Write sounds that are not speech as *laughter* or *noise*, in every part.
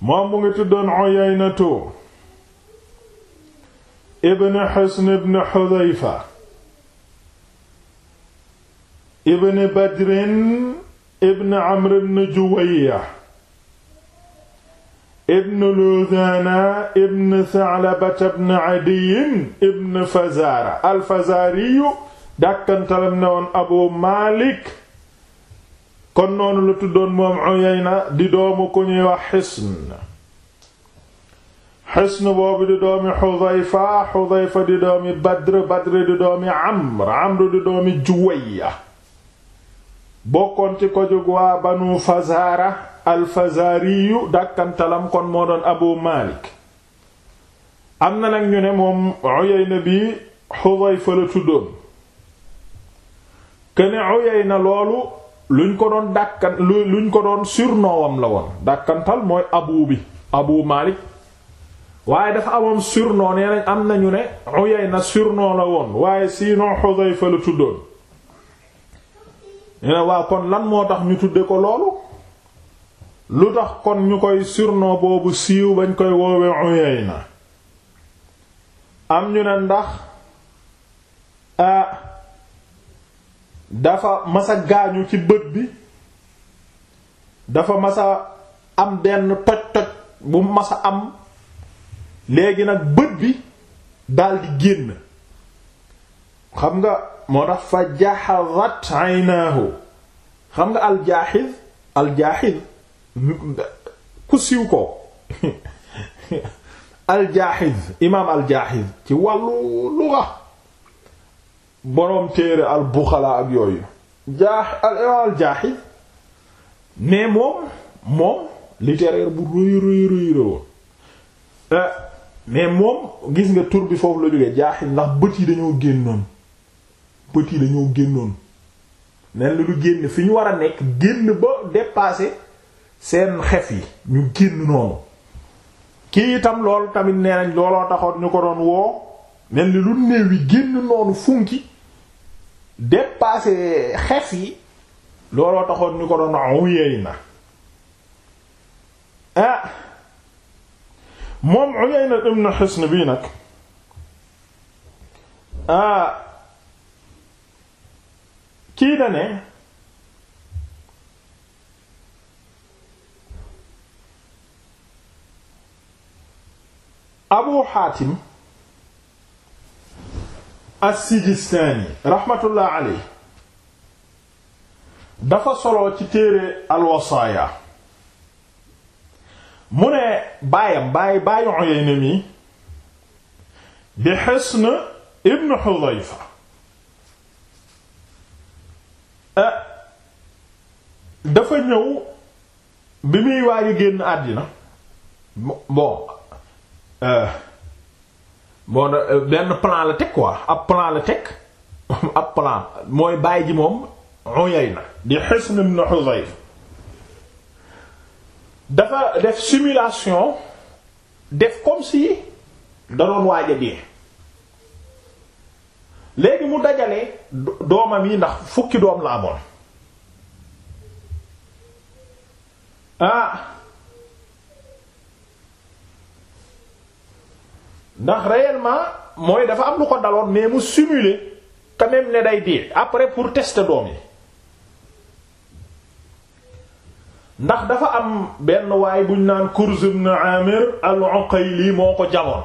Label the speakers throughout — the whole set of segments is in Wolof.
Speaker 1: moom mu ngi tuddoon Uyaynatu ibn Hisn ibn Hudhayfa ibn Badrin ibn Amr ibn Juwayya ibn Ludhana ibn Tha'labata ibn Adiy ibn Fazara al-Fazariyu dàkkantalam Abu Malik kon noonu la tuddoon moom Uyayna di doomu ku ñuy wax Hisn Hisn boobu di doomi Hudhayfa Hudhayfa di doomi Badr Badr di doomi Amr Amr di doomi Juwayya bokkoon ci ko jóg waa Banu Fazara al-Fazariyu dàkkantalam kon moo doon Abu Malik am na nag ñu ne moom Uyayna bi Hudhayfa la tuddoon kene Uyayna loolu luñ ko doon dàkkan luñ ko doon surnoowam la woon dàkkantal mooy abu bi abu malik waaye dafa amoon surno nee nañ am nañu ne Uyayna surnom la woon waaye sinon Xudayfa la tuddoon ñu ne kon lan moo tax ñu tudde ko loolu lu tax kon ñu koy surno boobu siiw bañ koy woowe Uyayna am ñu ne ndax ah, dafa masa gaañu ci bët bi dafa masa am benn toj-toj bu masa am léegi nag bët bi daldi génn xam nga moo tax fa jaxadat aynaahu xam nga aljaaxiz aljaaxiz ku siiw ko *laughs* aljaaxiz imaam aljaaxiz ci wàllu luga boroom téere al buxala ak yooyu jaax al imaam al jaaxi mais moom moom littéraire bu rëy rëy rëy rëwoon eh, mais moom gis nga tur bi foofu la jógee jaaxi ndax bët yi dañoo génnoon bët yi dañoo génnoon nen lu génn fi ñu war a nekk génn ba dépasser seen xef yi ñu génn noonu kii itam loolu tamit nee nañ looloo taxoon ñu ko doon woo mel ni lu néew yi génn noonu funki dépassé xef yi looloo taxoon ñu ko doon Uyayna ah moom Uyayna ibn Hisn bii nag ah kii da Abu Hatim as-Sijistaani raxmatullah dafa solo ci téere al mu ne baayam baay baayu Uyayna mi di Hisn ibn Hudayfa eh, dafa ñëw bi muy waaj a génn àddina bon eh, bon euh, benn plan la teg quoi ab plan la teg *laughs* ab plan mooy baay ji moom Uyayna di Hisn ibn Hudayf dafa def simulation def comme si da doon waaj a dee léegi mu dajale doomam yi ndax fukki doom laa amoon ah! ndax réellement mooy dafa am lu ko daloon mais mu simuler quand même ne day dee après pour tester doom yi ndax dafa am benn waay buñ naan Kurz ibn Amir al-Uqayli moo ko jamoon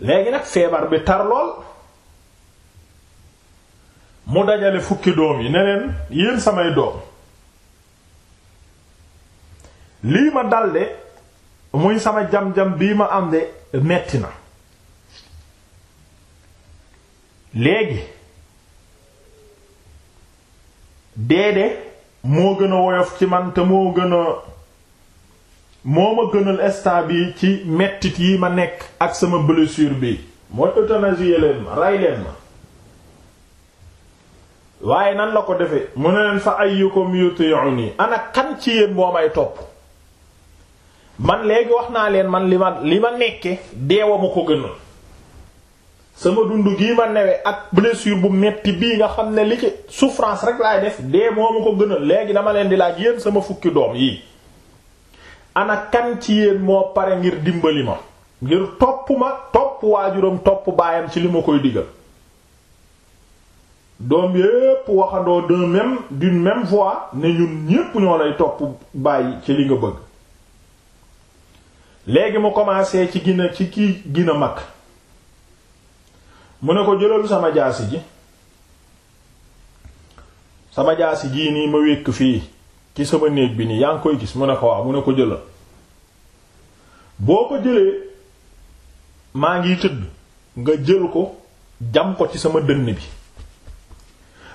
Speaker 1: léegi nag feebar bi tar lool mu dajale fukki doom yi ne leen yéen samay doom lii ma dalde muy sama jam-jam bii ma am de metti na léegi deede moo gën a woyof ci man te moo gën a moo ma gënal instant bi ci mettit yi ma nekk ak sama blessure bi mooy euthanasie leen ma rey leen ma waaye nan la ko defe mu ne leen fa ayyukum yuti'uni ana kan ci yéen moo topp man léegi wax naa leen man li ma li ma nekke deewa ma ko gëna sama dund gii ma newe ak blessure bu metti bii nga xam ne li ci souffrance rek laay def dee moo ma ko gënal léegi dama leen di laaj yéen sama fukki doom yii ana kan ci yéen moo pare ngir dimbali ma ngir topp ma topp waajuram topp baayam ci li ma koy digal doom yépp waxandoo d'un même d'une ne ñun ñépp ñoo lay topp bàyyi ci li nga bëgg léegi mu commencé ci gina ci kii gina mag mu ne ko jëlal sama jaasi ji sama jaasi jii nii ma wékk fii ci sama néeg bi nii yaa ngi koy gis mu ne ko waaw mu ne ko jëlal boo ko jëlee maa ngi tëdd nga jël ko jam ko ci sama dënn bi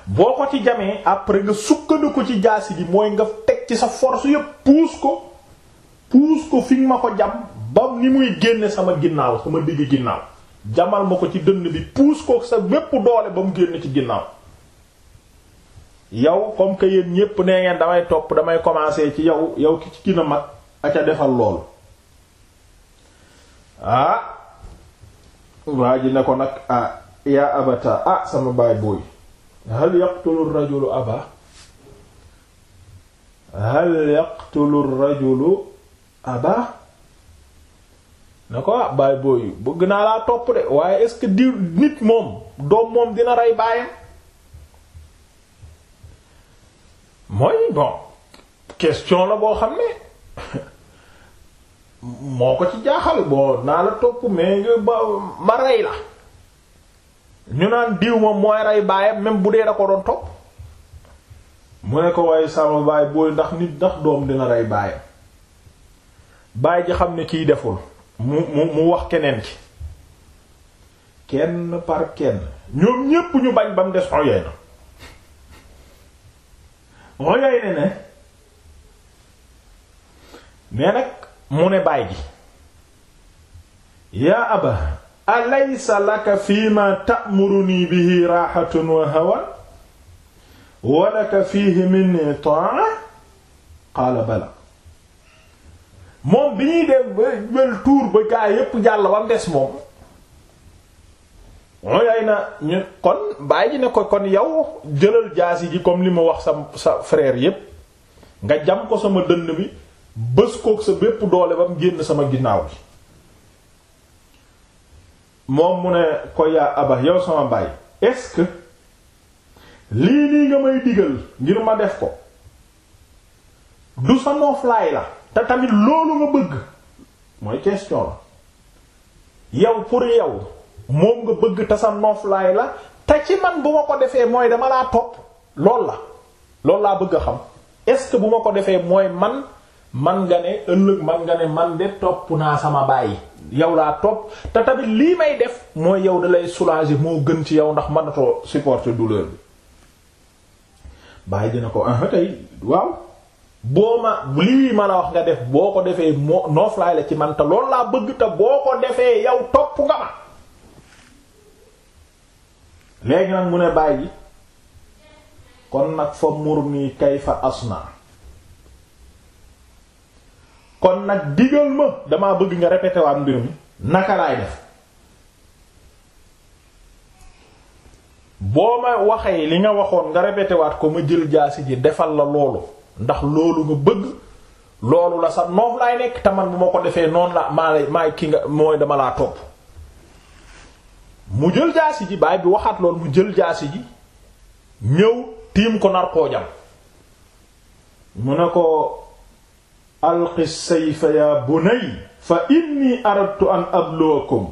Speaker 1: boo ko ci jamee après nga sukkandiku ci jaasi ji mooy nga teg ci sa force yépp puus ko puus ko fi nga ma ko jam ba ni muy génne sama ginnaaw sama digg ginnaaw jamal ma ko ci dënn bi puus ko sa bépp doole ba mu génn ci ginnaaw yow comme que yéen ñépp nee ngeen damay topp damay commencer ci yow yow ki ci gën a mag aca defal loolu ah waa ji ne ko nag ah yaa abata ah sama baay booy hal yaqtulu rajulu aba hal yaqtulu rajulu ah baax ko ah baay booyu bëgg naa laa topp de waaye est-ce que diw nit moom doom moom dina rey baayam mooy bon question la boo xam ne *laughs* moo ko ci jaaxal bon naa la topp mais ba ma rey la ñu naan diw moom mooy rey baayam même bu dee da ko doon topp mu ne ko waaye sama baay booy ndax nit ndax doom dina rey baayam bàyyi ji xam ne kiy deful mu mu mu wax keneen ki kenn par kenn ñoom ñépp ñu bañ ba mu des Uyayna Uyayna ne mais nag mu ne bàyyi ji yaa aba alaysa fii ma ta'muruni bihi raaxatun wa hawa wa laka fiihi minni ta'a qaala bala moom bi ñuy dem ba wel tuur ba gaa yépp jàll ba mu moom na ne ko kon yow jëlal jaasi ji comme li ma wax sa sa frère jam ko sama dënn bi bës kook doole ba mu sama ginnaaw moom mu ne ko yaa aba yow sama baay est-ce lii nga may digal ngir ma def ko du sa noflaay la te tamit loolu nga bëgg mooy question la yow pour yow moom nga bëgg te sa noflaay la te ci man bu ma ko defee mooy dama laa topp lool la loolu laa bëgg a xam est-ce que bu ma ko defee mooy man man nga ne ëllëg man nga ne man de topp naa sama bàyyi yow laa topp te tamit lii may def mooy yow dalay lay moo gën ci yow ndax mënatoo supporter douleur bi bàyyi dina ko ah tey waaw boo ma lii ma la wax nga def boo ko defee moo nooflaay la ci man te loolu laa bëgg te boo ko defee yow topp nga ma léegi nag mu ne bàyyi kon nag fa mur nii kay fa asna kon nag digal ma damaa bëgg nga répété waat mbir mi naka laay def boo ma waxee li nga waxoon nga répété ko ma jël jaasi ji defal la loolu ndax loolu nga bëgg loolu la sa noof laay nekk te man bu ma ko defee noonu la maa lay ki nga mooy dama laa topp mu jël jaasi ji baay bi waxaat loolu mu jël jaasi ji ñëw tiim ko nar koo mu ne ko alqi sayfa ya bunay fa inni aradtu an abluwakum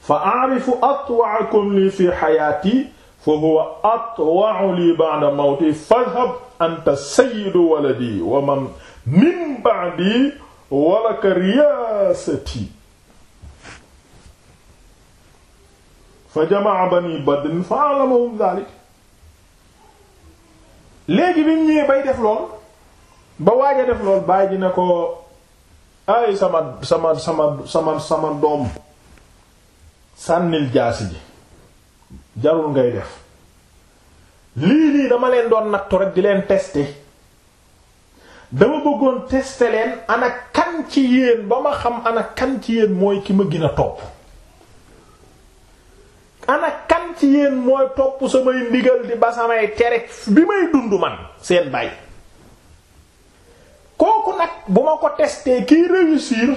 Speaker 1: fa a'rifu atwa'akum li fi hayati fa huwa atwa'u li ba'da mawti fadhhab anta sayyidu waladi wa man min ba'di walaka riyaasati fa jama'a bani badrin fa alamahum dhalik léegi bi ñëwee bay def lool ba waaj a def lool bàyyi ji ne ko ay sama sama sama sama sama doom sànnil jaasi ji jarul ngay def lii nii dama leen doon nattu rek di leen tester dama bëggoon tester leen ana kan ci yéen ba ma xam ana kan ci yéen mooy ki ma gën a topp ana kan ci yéen mooy topp samay ndigal di ba samay tere bi may dund man seen bàyyi kooku nag bu ma ko testee kiy réussir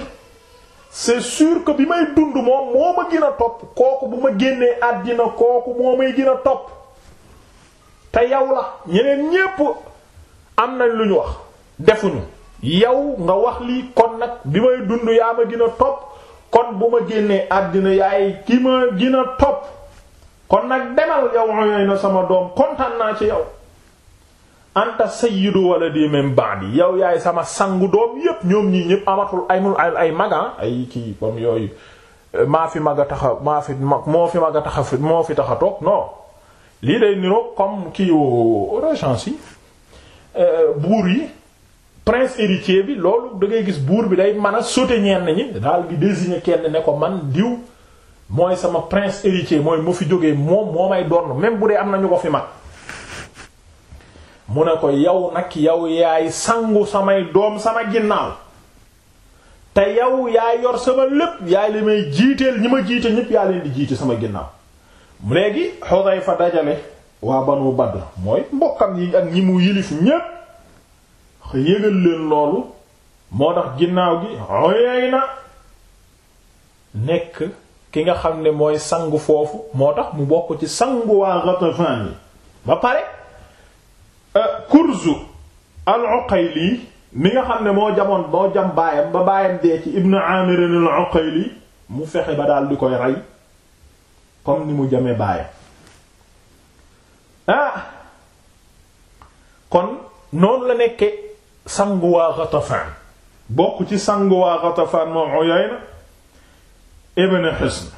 Speaker 1: c'est sûr que bi may dund moom moo ma gën a topp kooku bu ma génnee àddina kooku moo may gën a topp te yow la ñeneen ñépp am nañ lu ñu wax defuñu yow nga wax lii kon nag bi may dund yaa ma gën a topp kon bu ma génnee àddina yaay ki ma gën a kon nag demal yow na sama doom kontaan naa ci yow anta sayyidu waladi min ba'di yow yaay sama sangu doom yépp ñoom ñii ñépp amatul aymul ay magan ah? ay kii yooyu euh, maa fi mag a taxa maa fi mag moo fi mag a taxa moo fi taxa toog non lii day niroog comme kii régence yi euh, buur yi prince héritier bi loolu da ngay gis buur bi day mën a sauter ñenn ñi daal di désigner kenn ne ko man diw mooy sama prince héritier mooy mu fi jógee moom moo ay doon même bu dee am nañu ko fi mag mu ne ko yow nag yow yaay sangu samay doom sama ginnaaw te yow yaay yor sama lépp yaay li may jiiteel ñi ma jiite ñépp yaa leen di jiite sama ginnaaw léegi Xudayfa dajale waa Banu Badr mooy mbokkam yi ak ñi mu yilif ñépp yëgal leen loolu moo tax ginnaaw gi oyey na nekk ki nga xam ne mooy sangu foofu moo tax mu bokk ci sangu waa Ghatafan yi ba pare Euh, kurzu al-Uqayli mi xam ne moo jamoon moo jam baayam ba baayam dee ci ibnu Amir al-Uqayli mu fexe ba daal di koy rey comme ni mu jame baayam ah, kon noonu la nekke sanguwaa Ghatafan bokk ci sanguwaa Ghatafan moom Uyayna ibn Hisn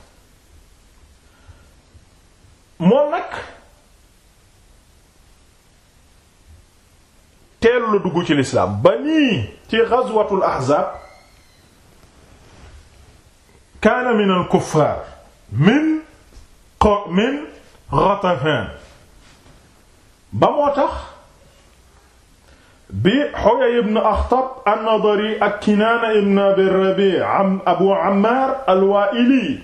Speaker 1: moom nag teel la dugg ci lislaam ba nii ci ghazwatul ahzab kaana min al kuffar min min ghatafan ba moo tax bi Huyay ibn Akhtab an-Nadari ak Kinaana ibn Abi Rabi' Abu Ammar al-Wa'ili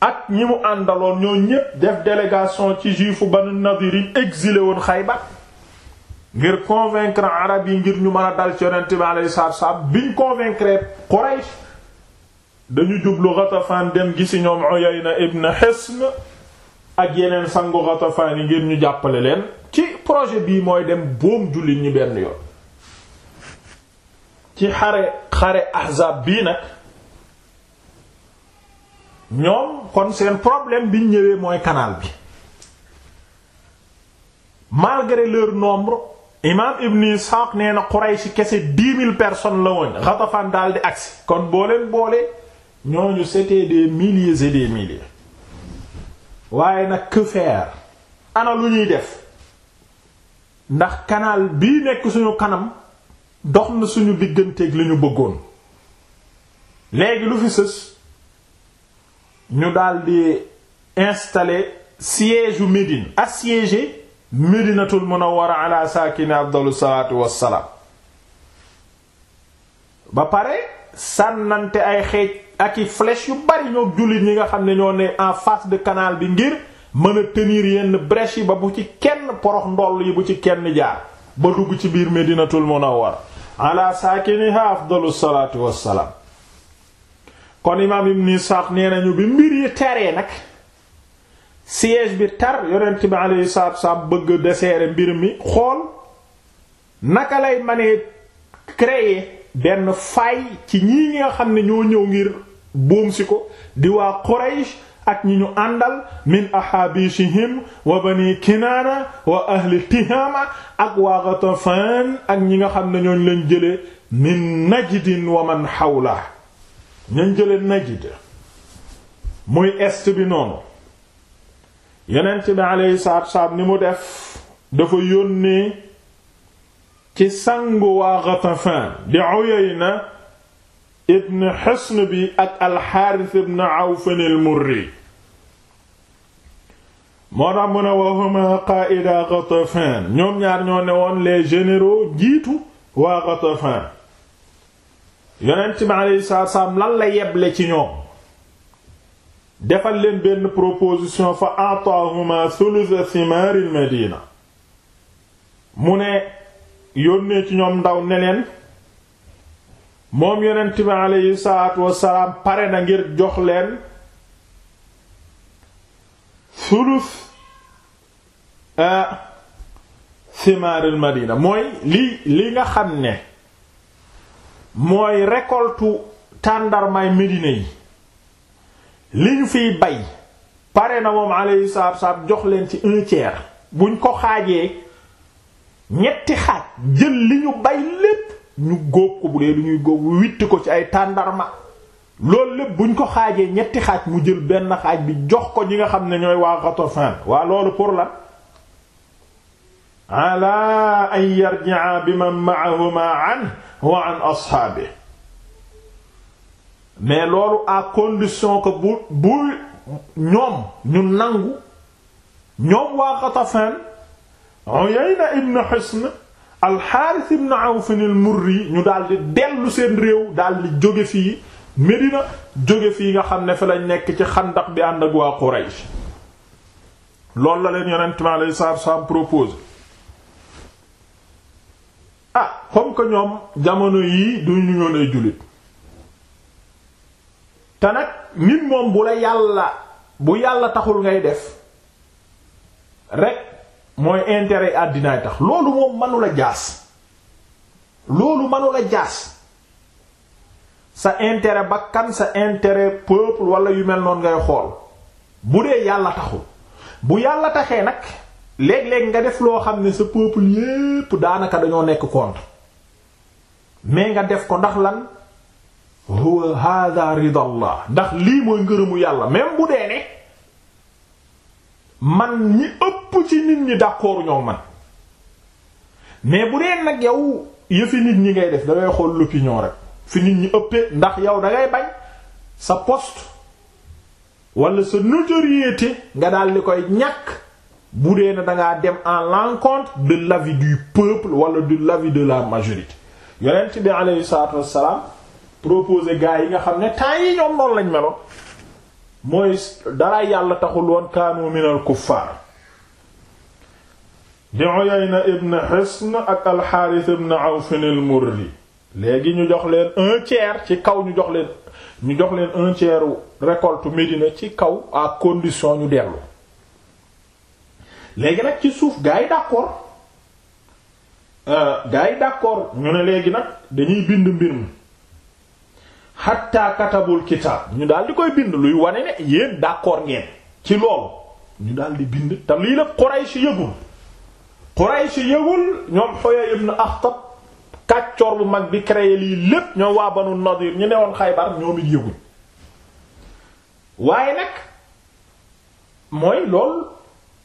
Speaker 1: ak ñi mu àndaloon ñoo ñépp def délégation ci juifu ba Nadir yi woon Xaybar ngir convaincre arab yi ngir ñu mën a dal ci yonent bi alayhi salaatu salaam biñ convaincre Quraysh dañu jublu Ghatafan dem gisi ñoom Uyayna ibn Hisn ak yeneen sangu Ghatafan yi ngir ñu jàppale leen ci projet bii mooy dem boom jullit ñi benn yoon ci xare xare ahzaab bii nag ñoom kon seen problème biñ ñëwee mooy kanaal bi malgré leur nombre imam Ibn Ishaq nee na Quraysh kese dix mille personnes la woon Ghatafan daal di agsi kon boo leen boole ñooñu c'était des milliers et des waaye nag que ana lu ñuy def ndax kanaal bi nekk suñu kanam dox na suñu digganteeg li ñu bëggoon léegi lu fi sës ñu daldi installer siège u Médine assiégé Médinatul Munawwara ala saakini afdalu salaatu wassalaam ba pare sànnante ay xeej ak i flèche yu bari ñoo jullit ñi nga xam ne ñoo ne en face de canal bi ngir mën a tenir yenn brèche yi ba bu ci kenn porox ndoll yi bu ci kenn jaar ba dugg ci biir Médinatul Munawwara ala saakini afdalu salaatu wassalaam kon imaam ibn Isaaq nee nañu bi mbir yi taree nag siège bi tar yonent bi alayhi salaatu wassalaam bëgg deseere mbir mi xool naka lay mënee créer benn fay ci ñii nga xam ne ñoo ñëw ngir buum si ko di waa Quraysh ak ñi ñu àndal min ahabishihim wa bani kinaana wa ahli tihaama ak waa Ghatafaan ak ñi nga xam ne ñooñ lañ jële min najdin wa man hawla ñañ jëleen Najd muy est bi noonu yonent bi aleyhi salaatu wasalaam ni mu def dafa yónnee ci sangu waa Ghatafan di Uyayna ibn Hisn bi ak al-Harith ibn murri moo tax mu ne huma qaa'ida Ghatafan ñoom ñaar ñoo ne woon les généraux jiitu waa Ghatafan yonent bi alayhi salaatu lan la yeble ci ñoom defal leen benn proposition fa ataahuma thuluth thimaril madina mu ne yónnee ci ñoom ndaw ne leen moom yonent bi alayhi salaatu wassalaam pare na ngir jox leen thuluth eh, thimaril madina mooy li li nga xam ne mooy récolte tàndarmaay Médina yi li ñu fiy bay pare na moom alayhi salaatu wassalaam jox leen ci un tiers buñ ko xaajee ñetti xaaj jël li ñu bay lépp ñu góob ko bu dee lu ñuy góob witti ko ci ay tàndarma loolu lépp buñ ko xaajee ñetti xaaj mu jël benn xaaj bi jox ko ñi nga xam ne ñooy waa Ghatafan waa loolu pour la ala an bi biman ma'ahuma an wa an ashaabi mais loolu à condition que bu bu ñoom ñu nangu ñoom waa Ghatafan Uyayna ibn Hisn al ibn Awf al ñu daal dellu seen réew daal di jóge fii Medina jóge fii nga xam ne fa lañ nekk ci xandax bi ànd ak waa Quraysh loolu la leen yonent mi alayhi salaatu wa salaam ah comme que ñoom jamono yii du ñu ñoon ay jullit te nag nit moom bu la yàlla bu yàlla taxul ngay def rek mooy intere àddinaay tax loolu moom mënu jaas loolu mënu la jaas sa intérêt bakkan sa intérêt peuple wala yu mel noon ngay xool bu dee yàlla taxul bu yàlla taxee nag léeg-léeg nga def loo xam ne sa peuple yépp daanaka dañoo nekk contre mais nga def ko ndax lan huwa hada ridallah ndax lii mooy ngërëmu yàlla même bu dee ne man ñi ëpp ci nit ñi d'accord ñoo man mais bu dee nag yow yëfi nit ñi ngay def dangay xool l'opinion rek fi nit ñi ëppee ndax yow dangay bañ sa post wala sa notoriété nga daal di koy ñàkk bu dee na dangaa dem en l'encontre de l'avis du peuple wala de l'avis de la majorité yonent bi aleyhi salatu wassalam proposé gars yi nga xam ne temps yi ñoom noonu lañ melo mooy dara yàlla taxul woon kaanu minal kuffaar di Uyayna ibn Hisn ak al-Harith ibn Awf al-Murri léegi ñu jox leen un tiers ci kaw ñu jox leen ñu jox leen un tiers récolte Médina ci kaw à condition ñu dellu léegi nag ci suuf gaay yi d'accord euh, gaa ñu ne léegi nag dañuy bind mbir mi hatta katabul kitaab ñu daal di koy bind luy wane ne yéen d'accord ngeen ci loolu ñu daal bind te lii la Quraysh yëgul Quraysh yëgul ñoom Huyay ibn Akhtab kàccoor bu mag bi créé lii lépp ñoom waa Banu Nadir ñu newoon Xaybar ñoom it yëgul waaye nag mooy lool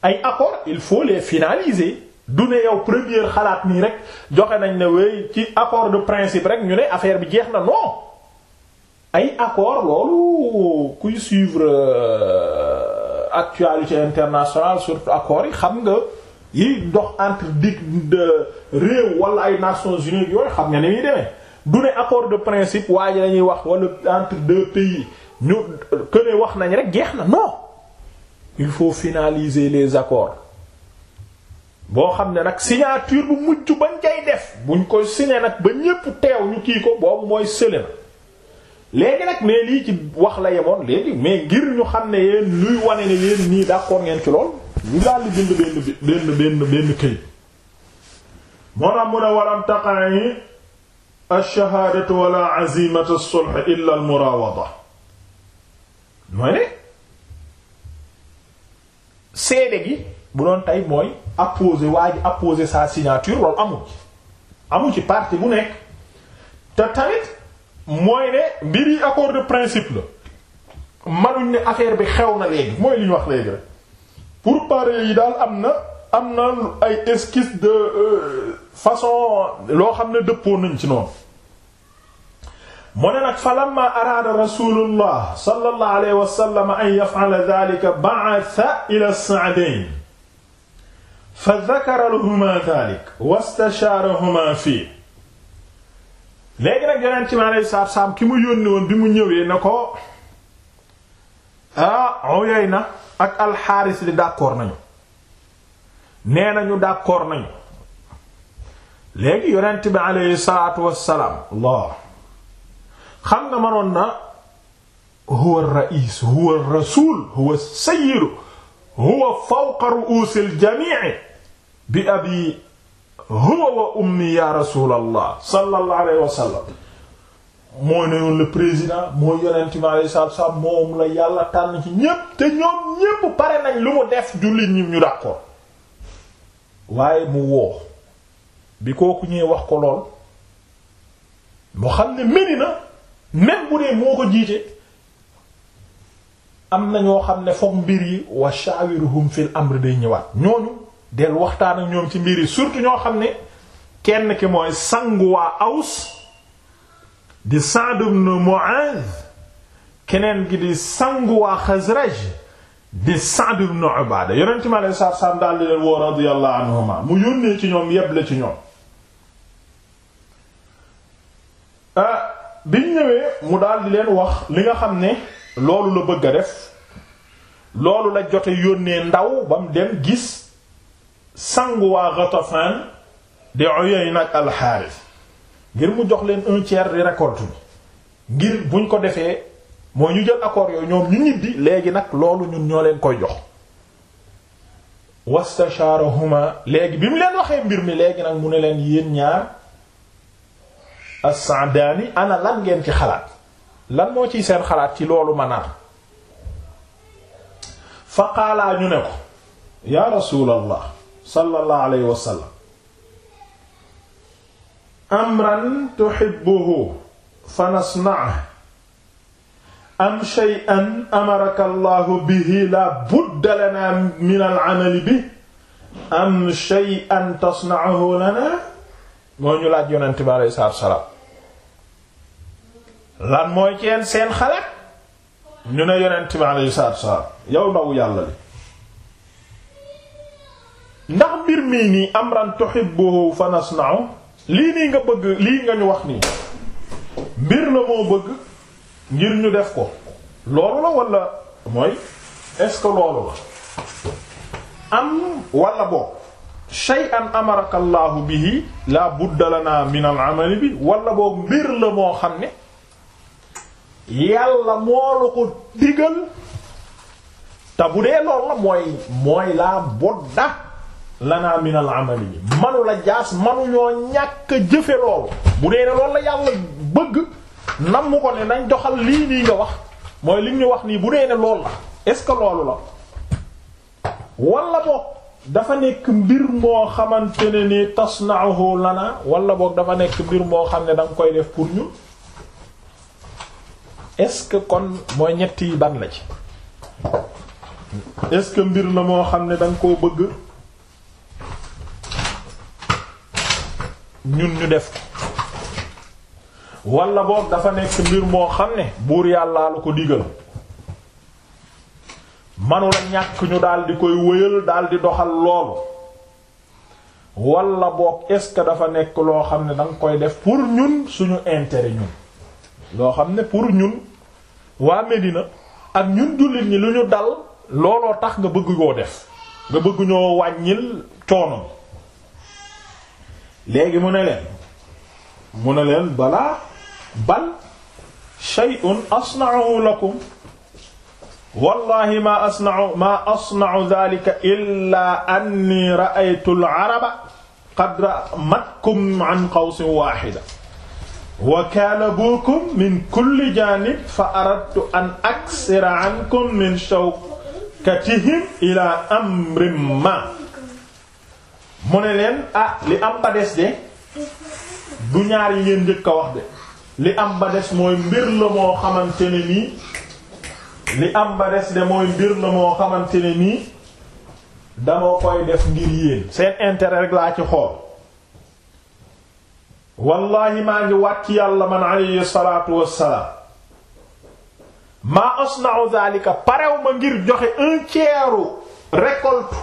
Speaker 1: ay accords il faut les finaliser du ne yow première xalaat nii rek joxe nañ ne wey ci accord de principe rek ñu ne affaire bi jeex na non ay accords loolu kuy suivre euh, actualité internationale surtout accords yi xam nga yi dox entre dig de réew wala ay Nations Unies yooyu xam nga ni muy demee du ne accord de principe waa ji wax wala entre deux pays ñu euh, que wax nañ rek jeex na non. il faut finaliser les accords boo xam ne nag signature bu mujj ba cay def buñ ko signé nag ba ñépp teew ñu kii ko boobu mooy sële na léegi nag mais lii ci wax la yemoon léegi mais ngir ñu xam ne yéen luy wane ne yéen nii d'accord ngeen ci lool ñu daal di bind benn benn benn benn këy moo tax mu ne walam taqa'i ash-shahadatu wala azimatu as-sulh illa al-murawada mooy ne seede gi bu doon tay mooy apposer waa ji apposer sa signature loolu amu ci amu ci parti bu nekk te tamit mooy ne mbir yi accord de principe la manuñ ne affaire bi xew na léegi mooy li ñu wax léegi la pour parler yi daal am na am na ay esquisse de euh, façon loo xam ne dëppoo nañu ci noonu mu ne nag falamma araada rasulullah sallallahu alayhi wa sallam an yaf'ala dhalika ba'atha ila as-sa'dayn fa dhakara lahuma dhalik wastashaarahuma fii léegi nag yonent mi alayhi salaatu salaam ki mu yónni woon bi mu ñëwee na ko ah Uyayna ak alxaaris li d'accord nañu nee nañu d'accord nañu léegi yonent bi alayhi salaatu wassalaam Allah xam nga manoon na huwa ar-ra'is huwa ar huwa as huwa fawqa ru'us al bi abi huwa wa ummi ya rasul allah sallallahu moo ne woon le président moo yonente mi alayhi salaatu salaam moom la yàlla tànn ci ñépp te ñoom ñépp pare nañ lu mu def jullit ñi ñu d'accord waaye mu woo bi kooku ñuy wax ko lool mu xam ne Medina même bu dee moo ko jiite am na ñoo xam ne foog mbir yi wa shawiruhum fil amr day ñëwaat ñooñu del waxtaan ak ñoom ci mbir yi surtout ñoo xam ne kenn ki mooy sangu waa Aws di Sa'd ibn Mu'adh di sangu waa Xazraj di Sa'd ibn Ubaada yonent mi di leen woo radiyallahu anhuma mu yónnee ci ñoom yeble ci ñoom ah, biñ ñëwee mu daal di leen wax li nga xam ne loolu la bëgg a def loolu la jote yónnee ndaw ba mu dem gis sangu waa Ghatafan di Uyayna ak Al-Harith ngir mu jox leen un tiers di récolte bi ngir buñ ko defee moo ñu jël accord yooyu ñoom ñu ñibbi léegi nag loolu ñun ñoo leen koy jox wastashaarahuma léegi bi mu leen waxee mbir mi léegi nag mu ne leen yéen ñaar as-Sa'dani ana lan ngeen ci xalaat lan moo ciy seen xalaat ci loolu ma nar fa qaalaa ñu ne ko yaa rasuulallah sallallahu alayhi wa sallam amran tuhibbuhu fa nasna'ahu am shay'an amaraka allahu bihi laa budda lanaa min al-amali bihi am shay'an tasna'uhu lanaa moo ñu laaj yonent bi alayhi salaam lan mooy ci yeen seen xalaat ñu ne yonent bi alayhi salaatu yow ndaw yàlla li ndax mbir mii nii amran tuhibbuhu fa nasna'u lii nii nga bëgg lii nga ñu wax nii mbir la moo bëgg ngir ñu def ko loolu la wala mooy est loolu la am wala boo shay'an amaraka allahu bihi la budda min al amali bi wala boo mbir la moo xam ne yàlla moo la ko digal te bu dee lool la mooy mooy laa bodda lanaa minal amali yi manu jaas manu ñàkk jëfe loolu bu dee ne loolu la yàlla bëgg nam mu ko ne nañ doxal lii nii nga wax mooy li ñu wax nii bu dee ne loolu la est-ce que loolu la wala boog dafa nekk mbir moo xamante ne ni tasna'uhu lana wala boog dafa nekk mbir moo xam ne danga koy def pour ñu est-ce que kon mooy ñett yi ban la ci est-ce que mbir la moo xam ne danga koo bëgg ñun ñu def ko walla boog dafa nekk mbir moo xam ne buur yàllaa la ko digal manula ñàkk ñu daal di koy wëyal daal di doxal loolu walla boog est-ce que dafa nekk loo xam ne danga koy def pour ñun suñu intérêt ñun loo xam ne pour ñun waa Medina ak ñun jullit ñi lu ñu dal looloo tax nga bëgg def nga bëgg wàññil coono léegi mu ne leen mu ne leen balaa bal shay'un asna'uhu lakum wallahi ma asna'u ma asna'u dhalika illa anni ra'aytu al-araba qad ramatkum an qawsin wahida wa kaana buukum min kulli janib fa aradtu an aksira ankum min shawkatihim ila amrin ma mu ne leen ah li am ba des de du ñaar yi ngeen wax de li am ba des mooy mbir la moo xamante nii li am ba des de mooy mbir la moo xamante ne nii dama koy def ngir yéen seen intérêt rek laa ci xool wallaahi maa ngi wàcc yàlla man alayhi salaatu wassalaam maa asna'u zaalika parew ma ngir joxe un tiers récolte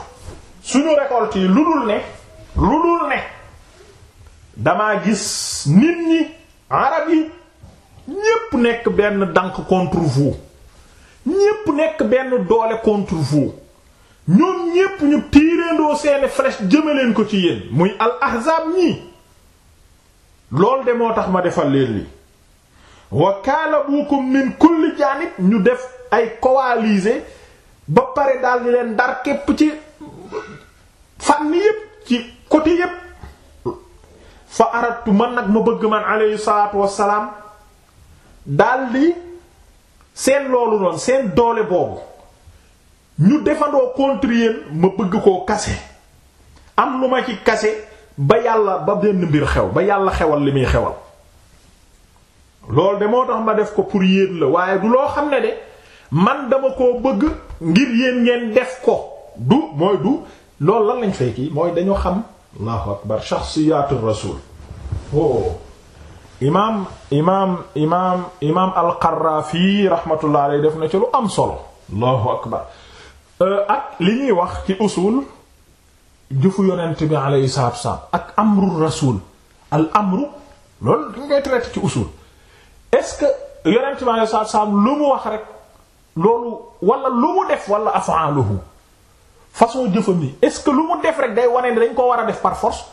Speaker 1: suñu récolte yi lu dul ne lu dul ne damaa gis nit ñi arab yi ñépp nekk benn dank contre vous ñépp nekk benn doole contre vous ñoom ñépp ñu tiirandoo seeni flèche jëmaleen ko ci yéen muy al ñii loolu de moo tax ma defal leen lii wa kaalabuukum min kulli jaanib ñu def ay coalisé ba pare daal leen ndar képp ci fànn yépp ci côté yépp fa aratu man nag ma bëgg man alayhi salaatu wassalaam daal seen loolu noonu seen doole boobu ñu defandoo contre yéen ma bëgg koo kase am lu ma ci kase ba yàlla ba benn mbir xew ba yàlla xewal li muy xewal loolu de moo tax ma def ko pour yéen la waaye du loo xam ne de man dama koo bëgg ngir yéen ngeen def ko du mooy du loolu lan lañ fay kii mooy dañu xam allahu akbar shaxsiyaatu rasul o oh. imaam imaam imaam imaam al def na ci lu am solo allahu akbar euh, ak li ñuy wax ci usul jëfu yonent bi alayhi salaatu wa salaam ak amru rasul al amru loolu dañ koy traité ci usul est-ce que yonent bi alayhi salaatu wa lu mu wax rek loolu wala lu mu def wala af'aluhu façon jëfam yi est-ce que lu mu def rek day wane ne dañ koo war a def par force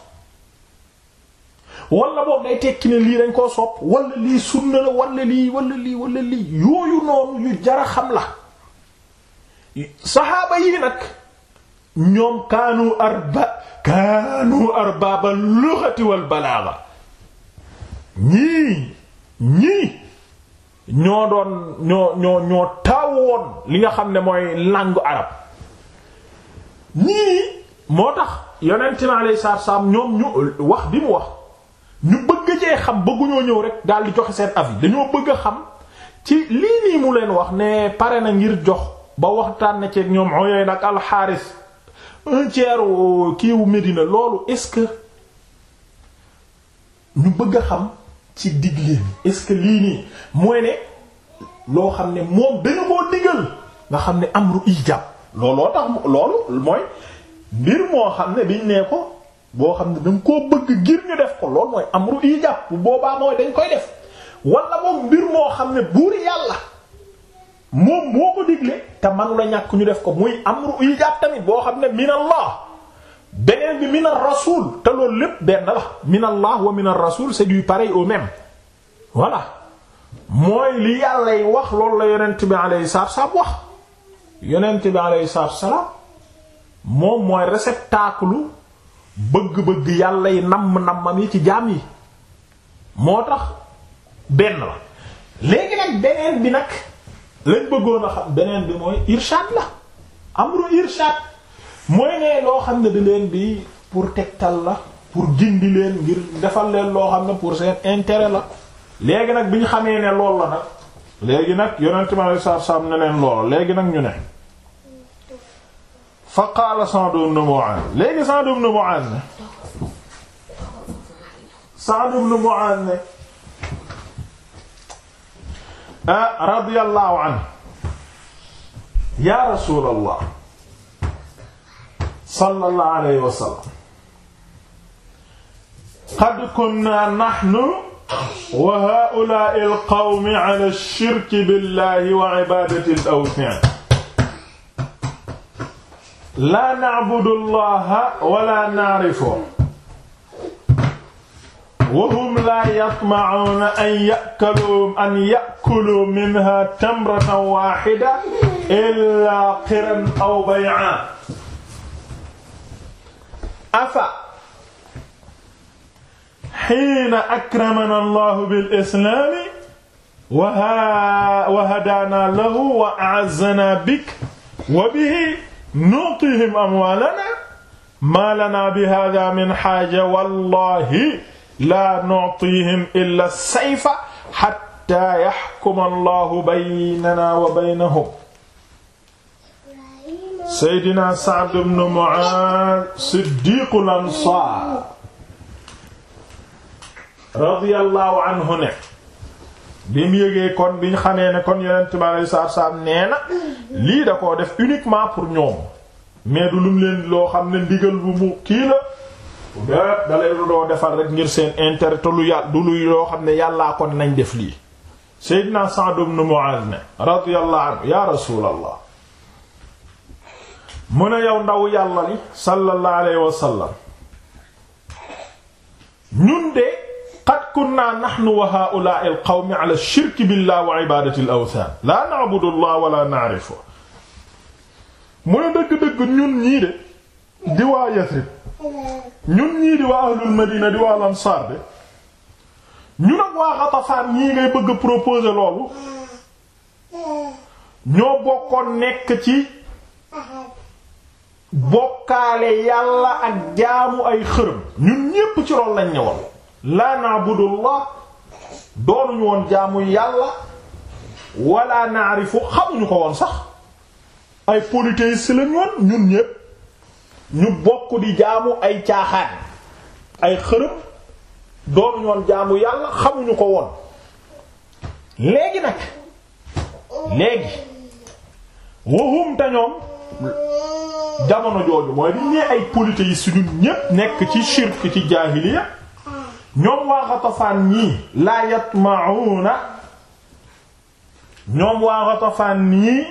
Speaker 1: wala boobu day tekki ne lii dañ koo sopp wala lii sunna la wala lii wala lii walla lii yooyu noonu yu jara xam la saxaaba yi nag. ñoom kaanu arba kaanu arbaba lughati wal balagha ñii ñii ñoo doon ñoo ñoo ñoo taawoon li nga xam ne mooy langue arabe ñii moo tax yonent mi alayhi salaatu salaam ñoom ñu wax bi mu wax ñu bëgg cee xam bëgguñoo ñëw rek daal di joxe seen avis dañoo bëgg xam ci lii nii mu leen wax ne pare na ngir jox ba waxtaan na ceeg ñoom Uyayna ak al Haaris un tiers kiiwu Médina loolu est-ce que ñu bëgg a xam ci digleen est-ce lii nii mooy ne loo xam ne moom dañu koo digal nga xam ne amru ijab looloo tax loolu mooy mbir moo xam ne biñ nee ko boo xam ne dañ koo bëgg ngir ñu def ko loolu mooy amru ijab bu boobaa mooy dañ koy def wala moom mbir moo xam ne buur yàlla moom moo ko digle te man la ñàkk ñu def ko muy amru ijaab tamit boo xam ne min allah beneen bi min ar te loolu lépp benn la min allah wa min ar rasul c'est du pareil au même voilà mooy li yàlla yi wax loolu la yonent bi alayhi salaatu salaam wax yonent bi alayhi salaatu salaam moom mooy réceptacle bëgg-bëgg yàlla yi namm nammam yi ci jaam yi moo tax benn la léegi nag beneen bi nag lañ bëggoon a xam beneen bi mooy irshad la amru irshad mooy ne loo xam ne di leen di pour tegtal la pour gindi leen ngir defal leen loo xam ne pour seen intérêt la léegi nag bi ñu xamee ne lool la nag léegi nag yonent ma lay saab saab ne leen lool léegi nag ñu ne fa qaala Sa'd ibn Mu'adh léegi Sa'd ibn Mu'adh Sa'd ibn Mu'adh Ah, radiyallahu anhu yaa rasuulallah sallallahu alayhi wa sallam qad kunna nahnu wa haa'ulaa'i al-qawmi ala shirki billaahi wa ibaadati al-awthaan laa na'budu llaaha wa laa na'rifuhu wahum la yatma'una an ya'kulu an ya'kulu minha tamratan wahida illa qiran aw bay'a afa hiina akramana allahu bil islaami wa hadaana lahu wa a'azzana bik wa bihi nu'tihim amwaalana maa lanaa bi haaza min haaja wallaahi laa nu'tihim illa sayfa hatta ne bi mu yëgee bi ñu xamee ne kon yonent bi alayhi salaatu lii da koo def uniquement pour ñoom mais du lum leen loo xam ne ndigal bu mu kii lépp da leen doo defal rek ngir seen intérêt te yàlla du lu yoo xam ne yàllaa kon nañ def lii Seydina Sa'd ibn Mu'adh ne radiyallahu anhu ya rasulallah mu ne yow ndaw yàlla li sallallahu alayhi wa sallam ñun de qad kunna nahnu wa haa'ulaa'i al-qawmi ala shirki billahi wa ibaadati al-awthaan laa na'budu allaha wa laa na'rifuhu mu ne dëgg-dëgg ñun ñii de di waa Yasrib ñun ñii di waa ahlul madina di waa lansaar ñu nag waa Ghatafaan ñii ngay bëgg a proposer loolu ñoo bokkoon nekk ci bokkaale yàlla ak jaamu ay xërëm ñun ñépp ci loolu lañ ñëwal laa na'budullah doonuñu woon jaamu yàlla wala na'rifu xamuñu ko woon sax ay polythéistes lañ woon ñun ñépp ñu bokk di jaamu ay caaxaan ay xërëm doon ñoon jaamu yàlla xamuñu ko woon léegi nag léegi wahum ñoom jamono jooju mooy li nee ay polythéistes yi ñun ñépp nekk ci shirk ci jaahiliya ñoom waa Ghatafaan ñii la yatma'una ñoom waa Ghatafaan ñii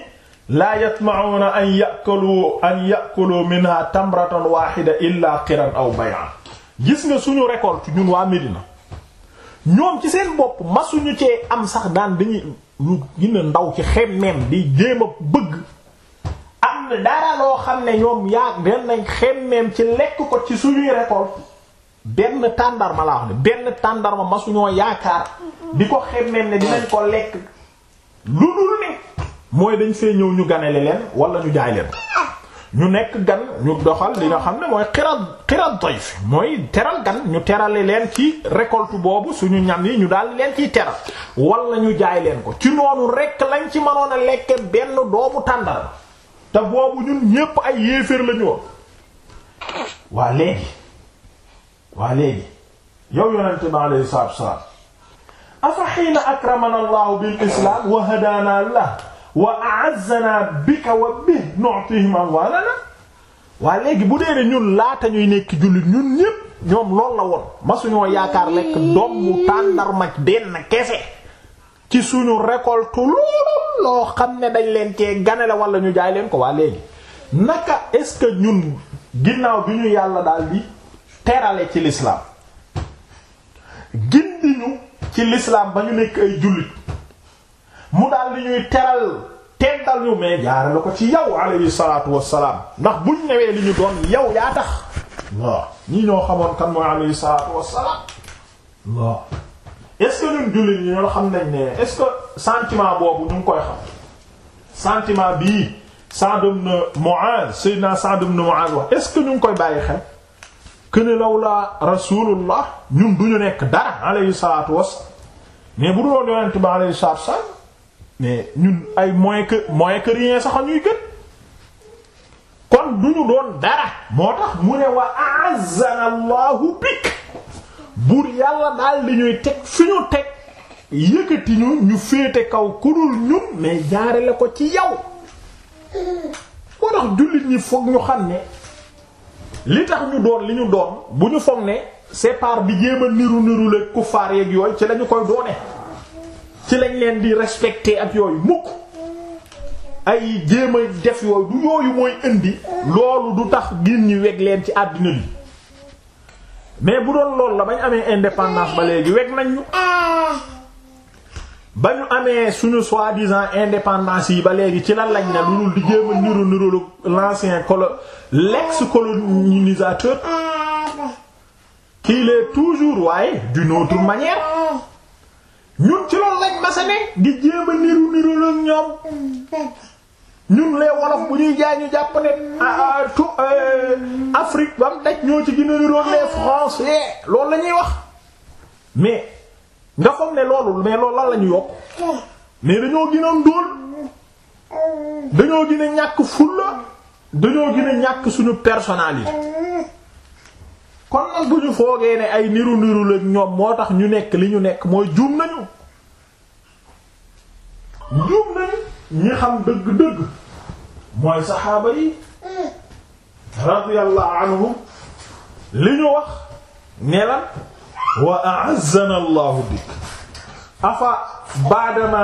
Speaker 1: laa yatma'una an ya'kulu an ya'kulu minha tamratan wahida illa qiran aw bay'a gis nga suñu récolte ñun waa Médina ñoom ci seen bopp masuñu cee am sax daan dañuy lu gën ndaw ci xemmeem di jéem a bëgg am dara loo xam ne ñoom yaa benn nañ xemmeem lekk ko ci suñuy récolte benn tàndarma laa wax yaakaar di ko xemmeem ne dinañ ko lekk lu dul ne mooy dañ fee ñëw ñu ganale leen wala ñu jaay leen ñu nekk gan ñu doxal li nga xam ne mooy xirat xirat dayf mooy teral gan ñu terale leen ci récolte boobu suñu ñam yi ñu daal leen ciy teral wala ñu jaay leen ko ci noonu rekk lañ ci mënoon a lekke benn doomu tàndar te boobu ñun ñépp ay yéeféer lañu woon waa léegi waa léegi yow yonente bi alayhi salaatu wa salaam afa hiina akramana Allahu bil islaam wa hadaana wa a'azzana bika wa bi nu'tihim amwaalana waa léegi bu dee ñun laata ñuy nekk jullit ñun ñépp ñoom lool la woon ma suñoo yaakaar lekk doomu tàndarmaj benn kese ci suñu récolte loolu loo xam ne dañ leen cee ganale wala ñu jaay leen ko waa léegi naka est-ce que ñun ginnaaw bi ñu yàlla daal di terale ci l'islam gindi ñu ci lislaam ba ñu nekk ay jullit mu daal li ñuy teral teddal ñu mais jaare la ko ci yow alayhi salaatu wassalaam ndax buñ newee li ñu doon yow yaa tax waaw ñii ñoo xamoon kan mooy alayhi salaatu wassalaam waaw est-ce ñun xam nañ ne est-ce boobu ñu ngi koy xam sentiment bii Sa'd ibn Mu'az Seydina koy bàyyi xel këne lawla rasulullah ñun du ñu nekk dara alayhi salaatu wassalaam mais bu dul woon yonent bi alayhi salaatu wassalaam mais ñun ay moins que moins que rien sax ñuy gën kon du ñu doon dara moo tax mu ne wa a'azzana Allahu buur yàlla daal di ñuy teg fi ñu teg yëkkati ñu ñu féete kaw ku dul ñun mais jaare la ko ci yow moo tax jullit ñi foog ñu xam ne li tax ñu doon li ñu doon bu ñu foog ne c'est par bi jéem a niru niru la kuffaar yeeg yooyu ci lañu koy doone ci lañ leen di respecter ak yooyu mukk ay jéem a def yooyu du yooyu mooy indi loolu du tax gin ñi weg leen ci àddina bi mais bu doon loolu la bañ amee indépendance ba léegi weg nañ ñu ba ñu amee suñu soi-disant indépendance yi ba léegi ci lan lañ ne lu dul di jéem a niru niru l'ancien colo l'ex-colonisateur qu'il est toujours waaye d'une autre manière ñun ci loolu lañ masa ne di jéem a niru niru la ñoom ñun les wolof bu ñuy jaay ñu jàpp ne ah, ah, tout euh, Afrique bam daj ñoo ci gën a niroon les français loolu lañuy wax mais nga foog ne loolu mais loolu lan la ñu yokk mais dañoo gën a ndóol dañoo gën ñàkk fulla dañoo gën ñàkk suñu personnalité kon nag bu ñu foogee ne ay niru niru la ñoom moo tax ñu nekk li ñu nekk mooy juum nañu juum nañu ñi xam dëgg-dëgg mooy saxaaba yi radiyallahu anhum li ñu wax ne la wa a'azzana allahu bik afa ba'dama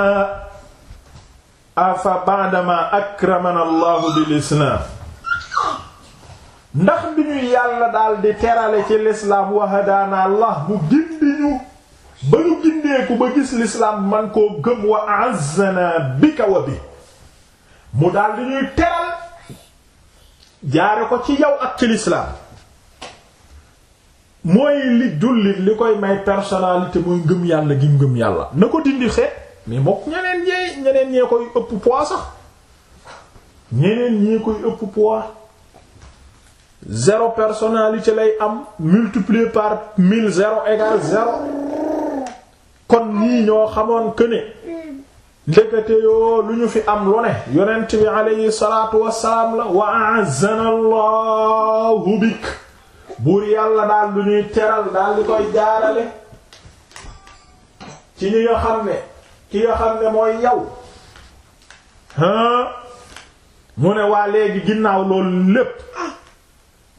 Speaker 1: afa ba'dama akramana allahu bil islam ndax bi ñuy yàlla daal di terale ci l'islam wahadaana allah bu gindi ñu ba ñu gindeeku ba gis l'islam man koo gëm wa azzana bika bi mu daal di ñuy teral jaare ko ci yow ak ci l'islam mooy li jullit li koy may personnalité mooy ngëm yàlla gi ngëm yàlla na ko dindi xeet mais mook ñeneen ñee ñeneen ñee koy ëpp poids sax ñeneen ñee koy ëpp poids zéro ci lay am multiplié par mille zéro égal zéro kon nii ñoo xamoon que ne ndekete yoo lu ñu fi am lu ne yonent bi aleyhi salaatu wassalaam la wa a'azzana bik buur yàlla daal lu ñuy teral daal di koy jaarale ci ñi nga xam ne ki nga xam ne mooy yow mu ne waa léegi ginnaaw loolu lépp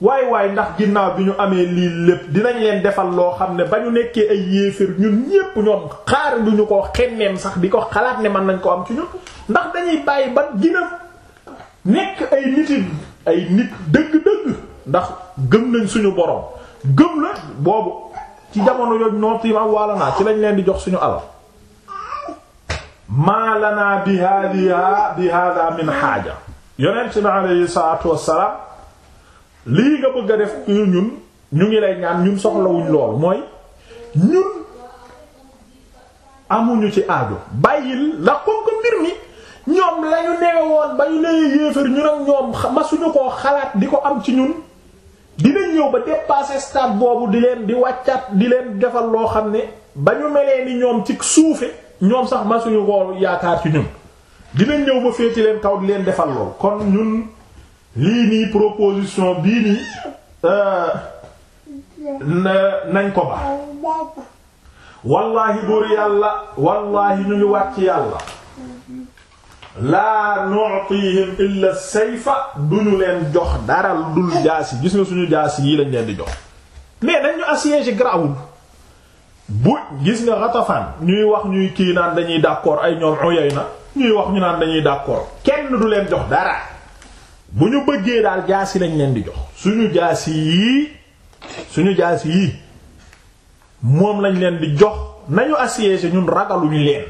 Speaker 1: waay waay ndax ginnaaw bi ñu amee lii lépp dinañ leen defal loo xam ne ba ñu nekkee ay yéefér ñun ñépp ñoom xaar du ñu ko xemmeem sax bi ko xalaat ne mën nañ ko am ci ñun ndax dañuy bàyyi ba gina nekk ay nit ay nit dëgg-dëgg ndax gëm nañ suñu borom gëm la boobu ci jamono yooyu nootim am ci lañ leen di jox suñu alal maa lanaa bi hadiha bi hada min xaaja yonent bi alayhi salatu wassalam lii nga bëgg a def ñun ñu ngi lay ñaan ñun soxlawuñ lool mooy ñun amuñu ci aajo bàyyil la kon ko mbir mi ñoom lañu neew woon ba ñu nee yéefar ñun ak ñoom ma suñu koo xalaat di ko am ci ñun dinañ ñëw ba dépasser stade boobu di leen di wàccaat di leen defal loo xam ne ba ñu melee ni ñoom ci suufe ñoom sax ma suñu koo yaakaar ci ñun dinañ ñëw ba féete leen kaw di leen defal lool kon ñun lii nii proposition bii nii euh, nañ ko ba wallaahi buur yàlla wallaahi ñu ngi wàcc yàlla laa nu'tihim illa sayfa duñu leen jox dara dul jaasi gis nga suñu jaasi yi lañ leen di jox mais dañu assiégé grawul bu gis nga Ghatafan ñuy wax ñuy kii naan dañuy d'accord ay ñoom Uyayna ñuy wax ñu naan dañuy d'accord kenn du leen jox dara bu ñu bëggee daal jaasi lañ leen di jox suñu jaasi yii suñu jaasi yii moom lañ leen di jox nañu assiégé ñun ragaluñu leen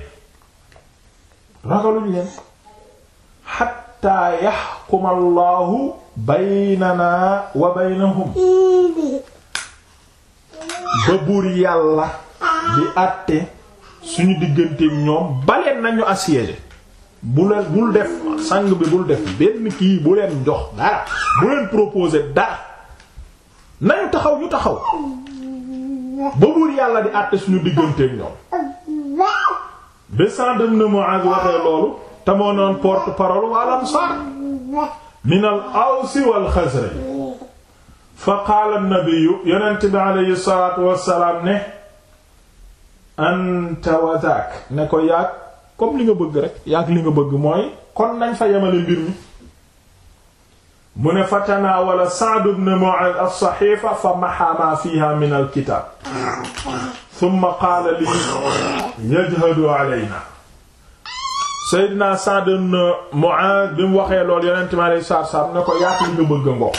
Speaker 1: ragaluñu leen xatta yaxkuma allahu baynana wa baynahum ba buur yàlla di àtte suñu digganteek ñoom baleen nañu assiégé bu leen bul def sang bi bul def benn kii bu leen jox bu leen proposer dara nañu taxaw ñu taxaw ba buur yàlla di àtte suñu digganteeg ñoom besan dem na Muaaz waxee loolu te moo noon porte parole wal ansaar min al aws wal xasraj fa qaala an-nabiyyu bi alayhi salaatu wassalaam ne anta wa zaak ne ko yaak comme li nga bëgg rek yaag li nga bëgg mooy kon nañ fa yemale mbir mi mu ne fa tanaawala Sa'd ibn Mu'adh as-sahifa fa maha ma min al-kitab thumma qaala li yajhadu alayna bi mu waxee lool yonent mi alayhi salaatu ne ko yaag li nga bëgg ngo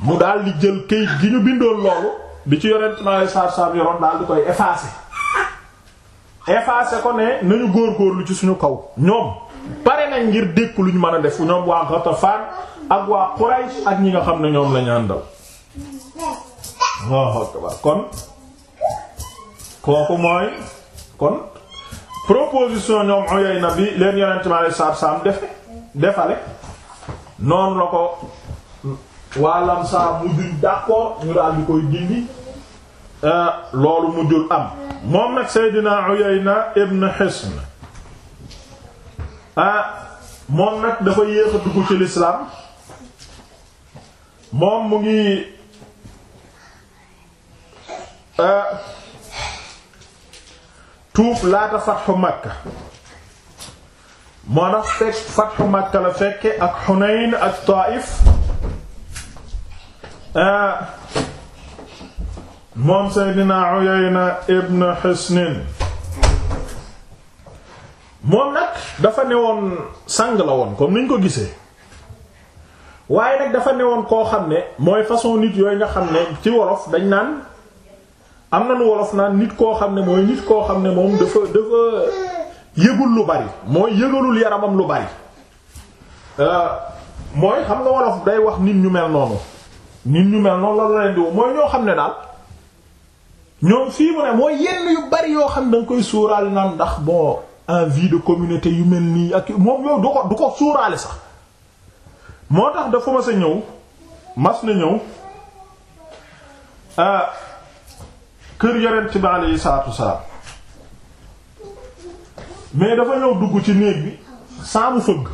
Speaker 1: mu daal jël këyit gi ñu bindoon loolu bi ci yonent mi alayhi salaatu yoroon daal koy effacer effacé ko ne nañu góorgóorlu ci suñu kaw ñoom bare nañ ngir dékk luñ mën a def ñoom waa Ghatafan ak waa Quraysh ak ñi nga xam ne ñoom lañu àndal waaw kon kooku mooy kon proposition ñoom Uyayna bi leen yonent mi alayhi salaatu salaam defe defale noonu la ko waa Lamsaar mujjuñ d'accord ñu daal di koy dindi Euh, loolu mujjul am moom nag Seydina Uyayna ibn Hisn ah, moom nag dafa yéex a dugg ci lislaam moom mu ngi euh, tuub laata fatxu Makka moo tax fekk fatxu Makka la fekke ak Xunayn ak Taif euh, moom Seydina Uyayna ibn Hisnin moom nag dafa newoon sang la woon comme niñ ko gisee waaye nag dafa newoon koo xam ne mooy façon nit yooyu nga xam ne ci wolof dañ naan am na nu wolof naan nit koo xam ne mooy koo xam ne moom dafa dafa yëgul lu bari mooy yëgalul yaramam lu bari euh, mooy xam nga wolof day wax nit ñu mel noonu nit ñu mel noonu la leen di mooy ñoo xam ne daal. ñoom fii mu ne mooy yenn yu bari yoo xam da nga koy suuraal naan ndax bon en de communauté yu mel nii ak moom yow du ko du ko sóoraale sax moo tax dafa mas a ñëw mas na ñëw euh, kër yonent bi alayhi salaatu wasalaam mais dafa ñëw dugg ci néeg bi saa mu fëgg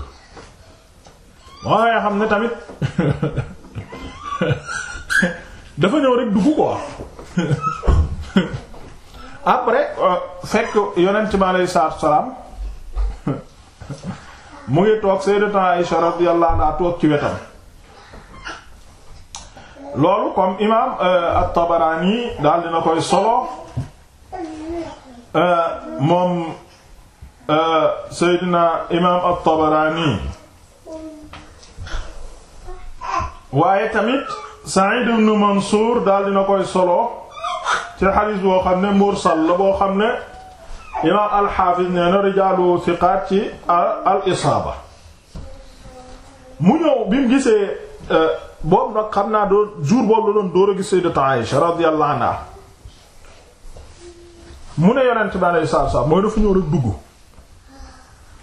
Speaker 1: waaye xam ne tamit *laughs* dafa ñëw rek dugg ko *laughs* *laughs* après euh, fekk yonent mi aleyhi salaatu salaam *laughs* mu ngi toog sayyidatu Aïsha radiyallahu anha toog ci wetam loolu comme imaam euh, at-Tabarani daal dina koy solo euh, moom Seydina imaam at-Tabarani waaye tamit Sa'id ibn Mansour daal dina koy solo ci xadis boo xam ne mursal la boo xam ne imaam alxaafis nee na rijaalu siqaat ci al isaaba mu ñëw bi mu eh, boobu nag xam naa doon jour boobu la doon door a gis sayyidatu Aïsha radiyallahu anha mu ne yonent bi alayhi salaatu mooy dafa ñëw rek dugg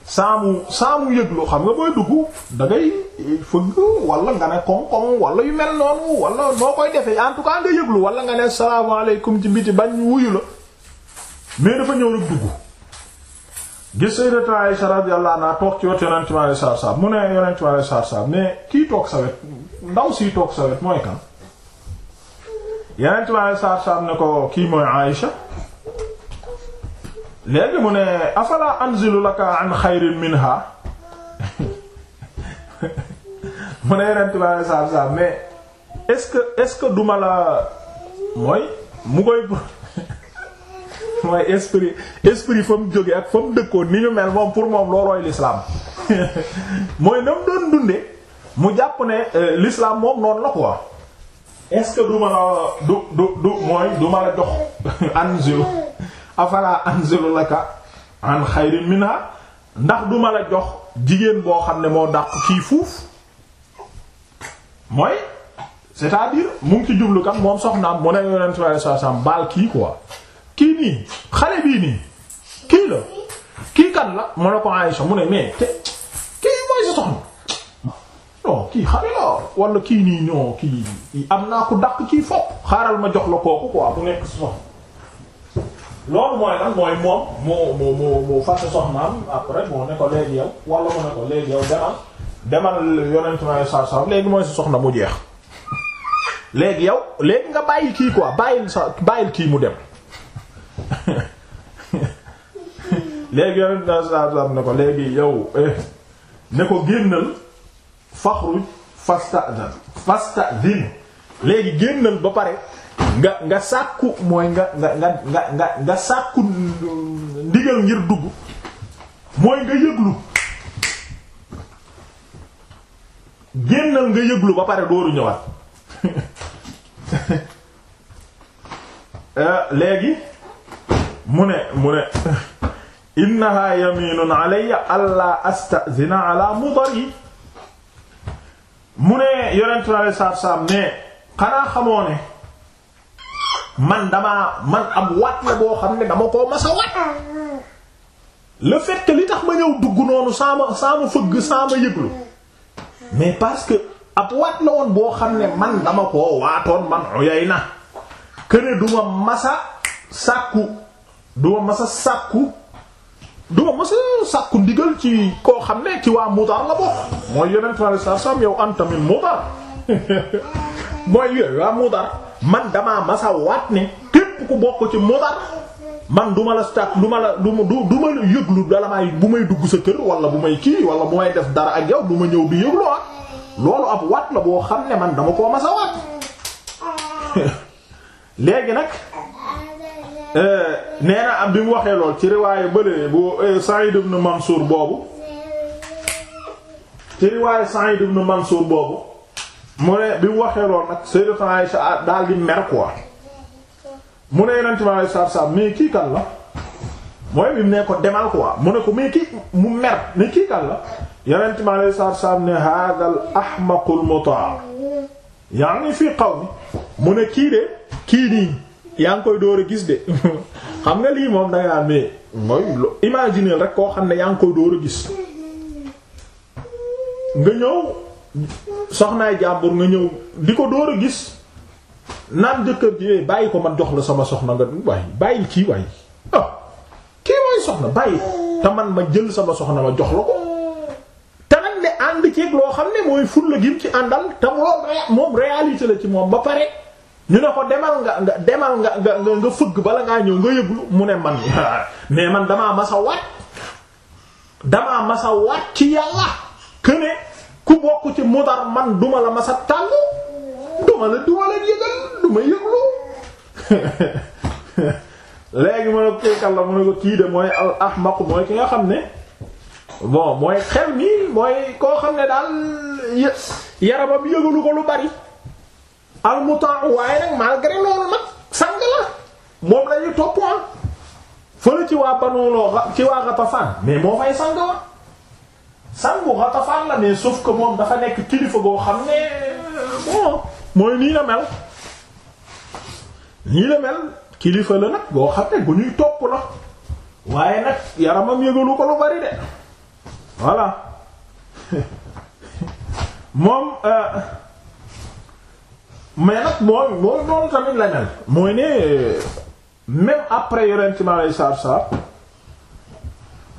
Speaker 1: saamu saamu yëglu xam nga booy dugg da fëgg wala nga ne koŋ-koŋ wala yu mel noonu wala noo koy defee en tout cas nga yëglu wala nga ne salaamaaleykum ci biti bañ wuyu la mais dafa ñëw rek dugg gis Sayyidatu Aisha radiyallahu anha toog ci wet yonent mi alayhi salaatu salaam mu ne yonent mi alayhi salaatu salaam ndaw si toog sa ne ko kii mooy Aisha léegi mu ne afala anzilu laka an xayrin minha *laughs* mu ne yeneen tubaab yi saaf saaf mais est-ce que est-ce que duma la mooy mu koy *laughs* mooy esprit esprit fa mu jóge ak fa mu dëkkoon ni ñu mel moom pour moom loolooy l'islam *laughs* mooy na mu doon dunde mu jàpp ne euh, l'islam moom noonu la quoi est duma la du du du mooy duma la jox anzilu afala anzilu laka an xayrin minha ndax duma la jox jigéen boo xam ne moo dàq kii fuuf mooy c'est-à-dire mu ci jublu kan moom soxnaam mu ne yonent sallallahu alayhi wasallam baal kii quoi kii nii xale bii nii kii la kii la mu ne ko Aïcha mu kii mooy sa soxna non kii xale la wala kii nii non kii am naa ko dàq kii fopp xaaral ma jox la kooku quoi bu nekk soxna loolu mooy lan mooy moom moo moo moo moo fàtte soxnaam après bon ne ko léegi yow wala mu ne ko léegi yow demal demal yonent ma sa sa léegi mooy sa soxna mu jeex *laughs* léegi yow léegi nga bàyyi kii quoi bàyyil sa bàyyil kii mu dem *laughs* léegi yonent ma sa ne ko léegi yow eh, ne ko génnal faxruj fasta fasta din léegi génnal ba pare nga nga sàkku mooy nga nga nga nga nga nga sàkku ndigal ngir dugg mooy nga yëglu génnal nga yëglu ba pare dooru ñëwaat *laughs* euh, léegi mu ne mu ne *laughs* innaha yaminun alayya alla astazina ala mudari mu ne yonentu Yàlla saab saab ne xanaa xamoo ne man dama man am wat la boo xam ne dama koo masa wat le fait li tax ma ñëw dugg noonu saa ma saa ma fëgg saa ma yëglu mais parce que ab waat la woon boo xam ne man dama koo waatoon man oyay na këne duma masa sàkku duma masa sàkku duma masa sàkku ndigal ci koo xam ne ci waa mudar la bokk mooy yonent sallallahu alayhi wasallam yow antamit mudar *laughs* mooy yooyu waa mudar man damaa masa waat ne képp ku bokk ci Mudar man du ma la stat du ma la du du ma la yëglu dala may bu may dugg sa kër wala bu may kii wala bu may def dara ak yow du ma ñëw bi yëglu ah loolu ab waat la boo xam ne man dama koo masa *laughs* léegi nag euh, nee na am bi mu waxee lool ci riwaayu bële bu euh, Sa'id ibn Mansour boobu ci riwaayu Sa'id ibn Mansour boobu mu ne bi mu waxee lool nag Sayyidatu Aisha daal di mer quoi mu ne Yonent bi alayhi salaatu salaam kii kan la mooy bi mu ne ko demal quoi mu ne ko mais kii mu mer mais kii kan la Yonent bi alayhi salaatu salaam ne haadhal ahmaqul mutaa' yaani fii qawmi mu ne kii de kii nii yaa ngi koy door a gis de *laughs* xam nga lii moom da ngaa mais mooy imaginer rek koo xam ne yaa ngi koy door a gis nga ñëw. soxnaay jàmbur nga ñëw di ko door a gis naan jëkkër ji eh, bàyyi ko man jox la sama soxna nga waay bàyyi kii waay ah, kii waay soxna bàyyi te man ma jël sama soxna ma jox la ko te nag ne ànd ceeg loo xam ne mooy ful la gim ci àndal te moom moom réalité la ci moom ba pare ñu ne ko demal nga nga demal nga nga fëgg bala ngaa ñëw nga yëglu mu ne man *laughs* mais man damaa masa waat damaa masa waat ci yàlla këne ku bokk ci mudar man duma la masa tàllu duma la duma la yëgal duma yëglu *laughs* léegi mën a kéykal la mën a ko kii de mooy al ahmaq mooy ki nga xam ne bon mooy xel mi mooy koo xam ne daal yaramam yëgalu ko lu bari al mutaa waaye nag malgré loolu nag sang la moom lañuy topp ah. fële ci waa banuloo ci waa Ghatafan mais moo fay sang la ah. sangu Ghatafan la mais sauf que moom dafa nekk kilifa goo xam ne bon mooy nii la mel nii la mel kilifa la nag boo xam ne bu ñuy topp la waaye nag yaramam yëgalu ko lu bari de voilà *laughs* moom euh, mais nag mooy mooy noonu tamit la mel mooy ne même après yorentiment lay saab saab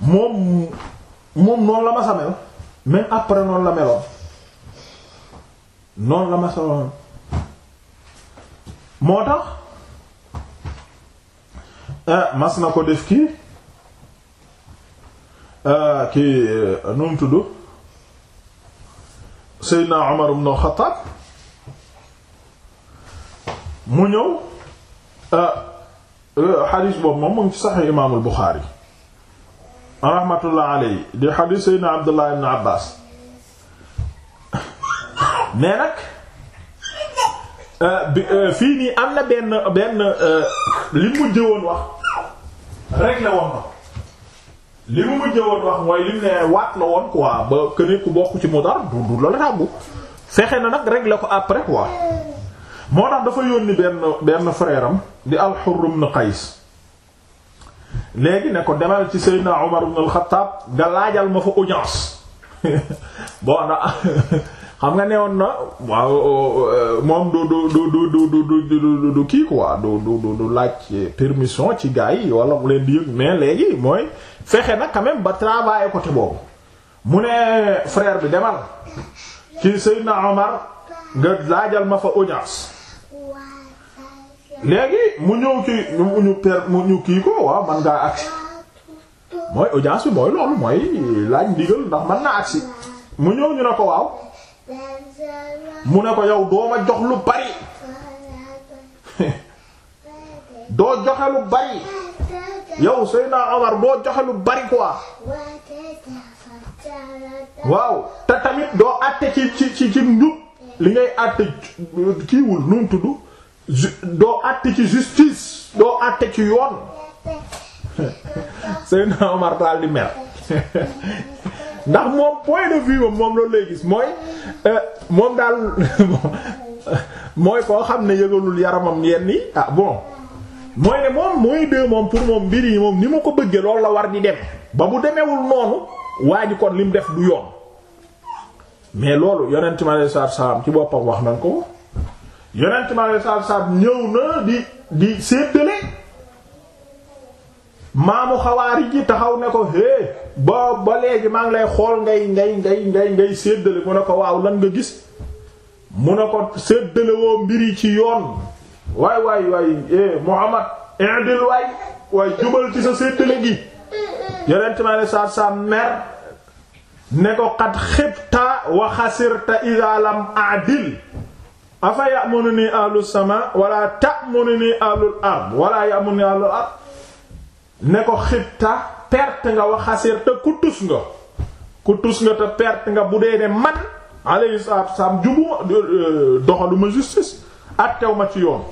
Speaker 1: moom moom noonu la ma sa mel même après noonu la meloon noon la ma sa meloon moo tax eh, mas na ko def kii eh, kii eh, nu mu tudd Seydina Umar ibn Khattab mu ñëw xadiis boobu moom mu ngi ci Sahih Imaamul Buxaari rahmatullah aley di xadiis seydna abdullah ibn abbas mais nag euh, euh, fii nii am na benn benn euh, li mu mujjëwoon wax rek woon na li mu mujjëwoon wax mooy li mu ne waat la woon quoi ba këne ku bokk ci mu dar du du la la tàggu fexe na nag rek la ko après quoi moo tax dafa yónni benn benn frère am di al-Hurr Qays léegi ne ko demal ci Seydina Umar ibn al-Khattab nga laajal ma fa audience bon na xam nga ne woon na waaw moom du du du du du du du kii quoi du du du laaj permission ci gaay yi wala mu leen di yëg mais léegi mooy fexe na quand même ba travailler côté boobu mu ne frère bi demal ci Seydina Umar nga laajal ma fa audience léegi mu ñëw ci mu ñu per mu ñu kii ko waaw man ngaa agsi mooy audience bi mooy loolu mooy laaj ndigal ndax man naa agsi mu ñëw ñu ne ko waaw mu ne ko yow doo ma jox lu bari *laughs* doo joxe lu bari yow Seydina Omar doo joxe lu bari quoi waaw te tamit doo àtte ci ci ci njub li ngay àtte kiiwul nu mu tudd. doo àtte ci justice doo àtte ci yoon *laughs* Seydina Omar daal di mer *laughs* ndax moom point de vue moom moom loolu lay gis mooy euh, moom daal *laughs* mooy koo xam ne yëgalul yaramam yenn yi ah bon mooy ne moom mooy de moom pour moom mbir yi moom ni ma ko bëggee loolu la war di dem ba bu demewul noonu waa ji kon li def du yoon mais loolu yonent mi alayhi salaam ci boppam wax nañ ko. yonent mi alei saatu salaam ñëw na di di séddale maamu xawaari ji taxaw ne ko é ba ba léegi maa ngi lay xool ngay ngay ngay ngay ngay séddale mu ne ko waaw lan nga gis mu ne ko séddale woo mbiri ci yoon waay waay waay eh, Muhammad indil waay waay jubal ci sa séddale gi yonent mi alei saatu salaam mer ne ko xat xibta wa xasirta iza afa ya'mununi ahlu sama wala ta'mununi ahlul ard wala ya'mununi ahlul ard ne ko xibta perte nga wa xasirta ku tus nga ku tus nga te perte nga bu dee ne man alayhi salaatu wasalaam jubuma euh, doxaluma justice attew ma ci yoon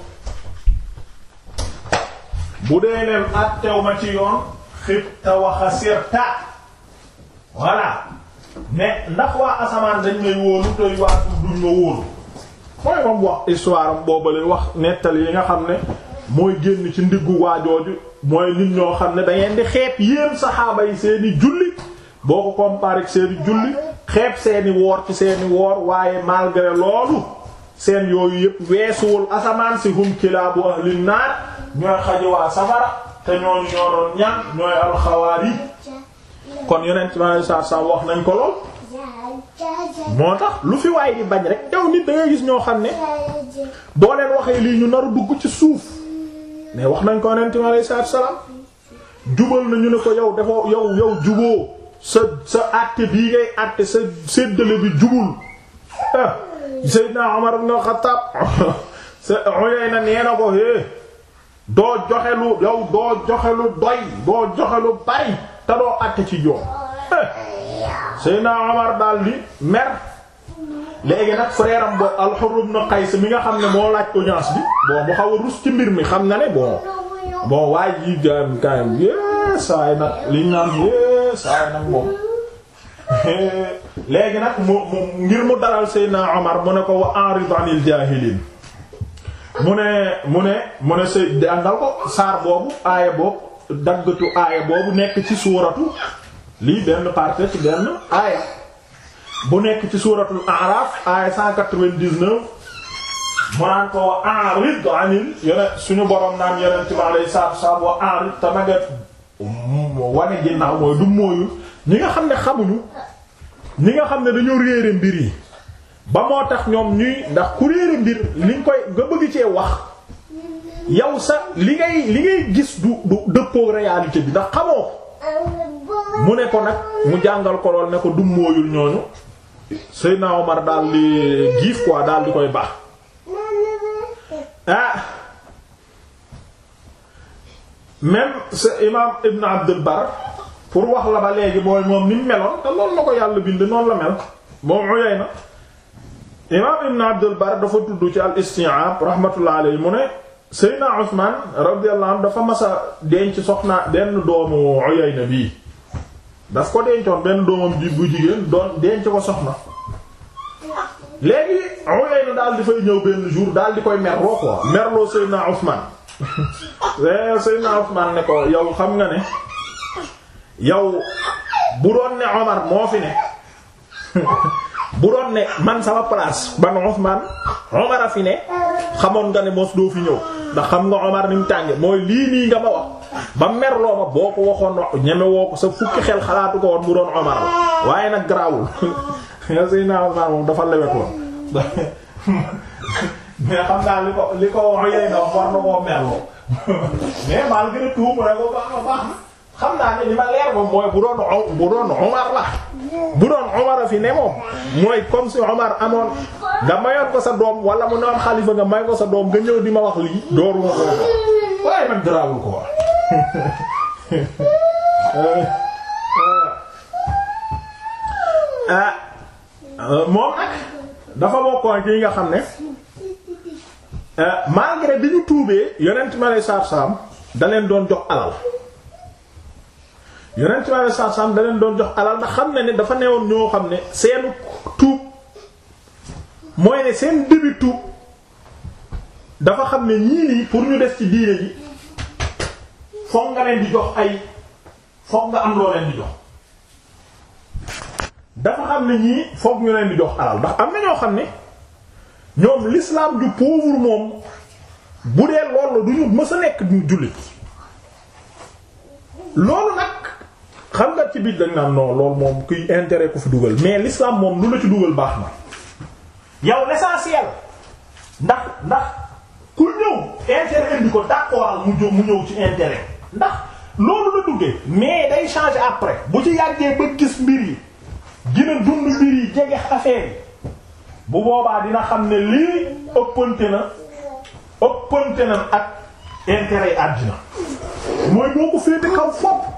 Speaker 1: bu dee ne attew ma ci yoon xibta wa xasirta voilà mais ndax waa asamaan dañ may wóolu tey waa suuf duñ ma wóolu mooy moom wax histoire am boobale wax nettali yi nga xam ne mooy génn ci ndiggu waajooju mooy nit ñoo xam ne da di xeeb yéen saxaaba yi seeni julli boo ko comparé seeni julli xeeb seeni woor ci seeni woor waaye malgré loolu seen yooyu yëpp weesuwul asamaan si hum kilaabu ahli naar ñooy xajuwaa safara te ñooñu ñoo doon ñaan ñooy alxawaar yi kon yeneen ci ma saa saa wax nañ ko lool. moo tax lu fi waay di bañ rek yow nit da ngay gis ñoo xam ne boo leen waxee lii ñu nar a dugg ci suuf mais wax nañ ko yonent mi alayhi salaatu salaam jubal na ñu ko yow defoo yow yow juboo sa sa àtte bii ngay àtte sa séddale bi jubul ah Seydina Omar ibn Khattab *laughs* sa Uyayna nee na ko eh doo joxe lu yow doo joxe lu doy doo joxe lu bari te àtte ci joom *laughs* Seydina Omar daal di mer léegi nag frère boobu al-Hurr ibn Qays mi nga xam ne moo laaj audience bi bon mu rus ci mbir mi xam na ne bon bon waaye ji gaayam gaayam yee saay nag li saay nag moom *laughs* léegi nag mu mu ngir mu dalal Seydina Omar mu ne ko wa a'rid jaahiliin mu ne mu ne mu ne Seydina dal ko saar boobu aaya boobu daggatu aaya boobu nekk ci suuratu lii benn partie ci benn aaya bu nekk ci suuratul A'raaf aaya 199 mu naan ko wa a'rid anil suñu borom naan yonent bi alayhi salaatu wassalaam wa a'rid te nanga wane ginnaaw mooy du mooyu ñi nga xam ne xamuñu ñi nga xam ne dañoo réere mbir yi ba moo tax ñoom ñuy ndax ku réere mbir liñ koy nga bëgg cee wax yow sa li ngay li ngay gis du du dëppoo réalité bi ndax xamoo mu ne ko nag mu jàngal ko lool ne ko dum mooyul ñooñu Seydina Omar daal di giif quoi daal di koy baax ah même sa imam Ibn Abdul Bar pour wax la ba léegi booy moom ni meloon te loolu la ko yàlla bind noonu la mel moom uyay na imam Ibn Abdul Bar dafa tudd ci al isti'ab rahmatullah alayhi mu ne Seydina Usman radiyallahu anhu dafa masa denc soxna benn doomu uyay bii daf ko dencoon benn doomam ji bu jigéen doon denc ko soxna léegi Uyayna daal di fay ñëw benn jour daal di koy merloo quoi merloo Seydina Ousmane *laughs* eh, Seydina Ousmane ne ko yow xam nga ne yow bu doon ne Omar moo fi ne *laughs* bu doon ne man sama place ban Ousmane Omar a fi ne xamoon nga ne mos doo fi ñëw ndax xam nga Omar ni mu tànge mooy lii nii nga ma wax ba merloo ma boo ko waxoon wax ñeme woo ko sa fukki xel xalaatu ko woon bu doon Omar la waaye nag garaawul nga sëy naa Ousmane moom dafa lewet woon *laughs* mais xam naa li ko li ko wax yooyu na wax war na koo merloo *laughs* mais malgré tout mu ne ko baax na baax na xam naa ne li ma leer moom mooy bu doon bu doon Omar la bu doon Omar fi ne moom mooy comme si Omar amoon nga mayoon ko sa doom wala mu ne am xalifa nga may ko sa doom nga ñëw di ma wax lii dooru ma ko waaye man garaawul ko wax *laughs* ah, euh, dafa bokkoon ci nga xam ne euh, malgré bi ñu tuubee yonent ma lay saab saam da doon jox alal yonent bi alayhi salaatu salaam da leen doon jox alal ndax xam ne ne dafa newoon ñoo xam ne seenu tuub mooy ne seen début tuub dafa xam ne ñii nii pour ñu des ci diine ji foog nga leen di jox ay foog nga am loo jox dafa xam ne ñii foog ñu leen di jox alal ndax am na ñoo xam ne ñoom l'islam du pauvre moom bu dee loolu du ñu mës a nekk du jullit loolu nag. xam nga ci biir dañ naan non loolu moom kuy intérêt ku fi dugal mais l'islam moom lu la ci dugal baax na yow l'essentiel ndax ndax ku ñëw intérêt indi ko d'accord mu mu ñëw ci intérêt ndax loolu la duggee mais day changer après bu ci yàggee ba gis mbir yi gina dund mbir yi jege affaire yi bu boobaa dina xam ne lii ëppante na ëppante na ak intérêt yi àddina mooy boo ko féete kaw fopp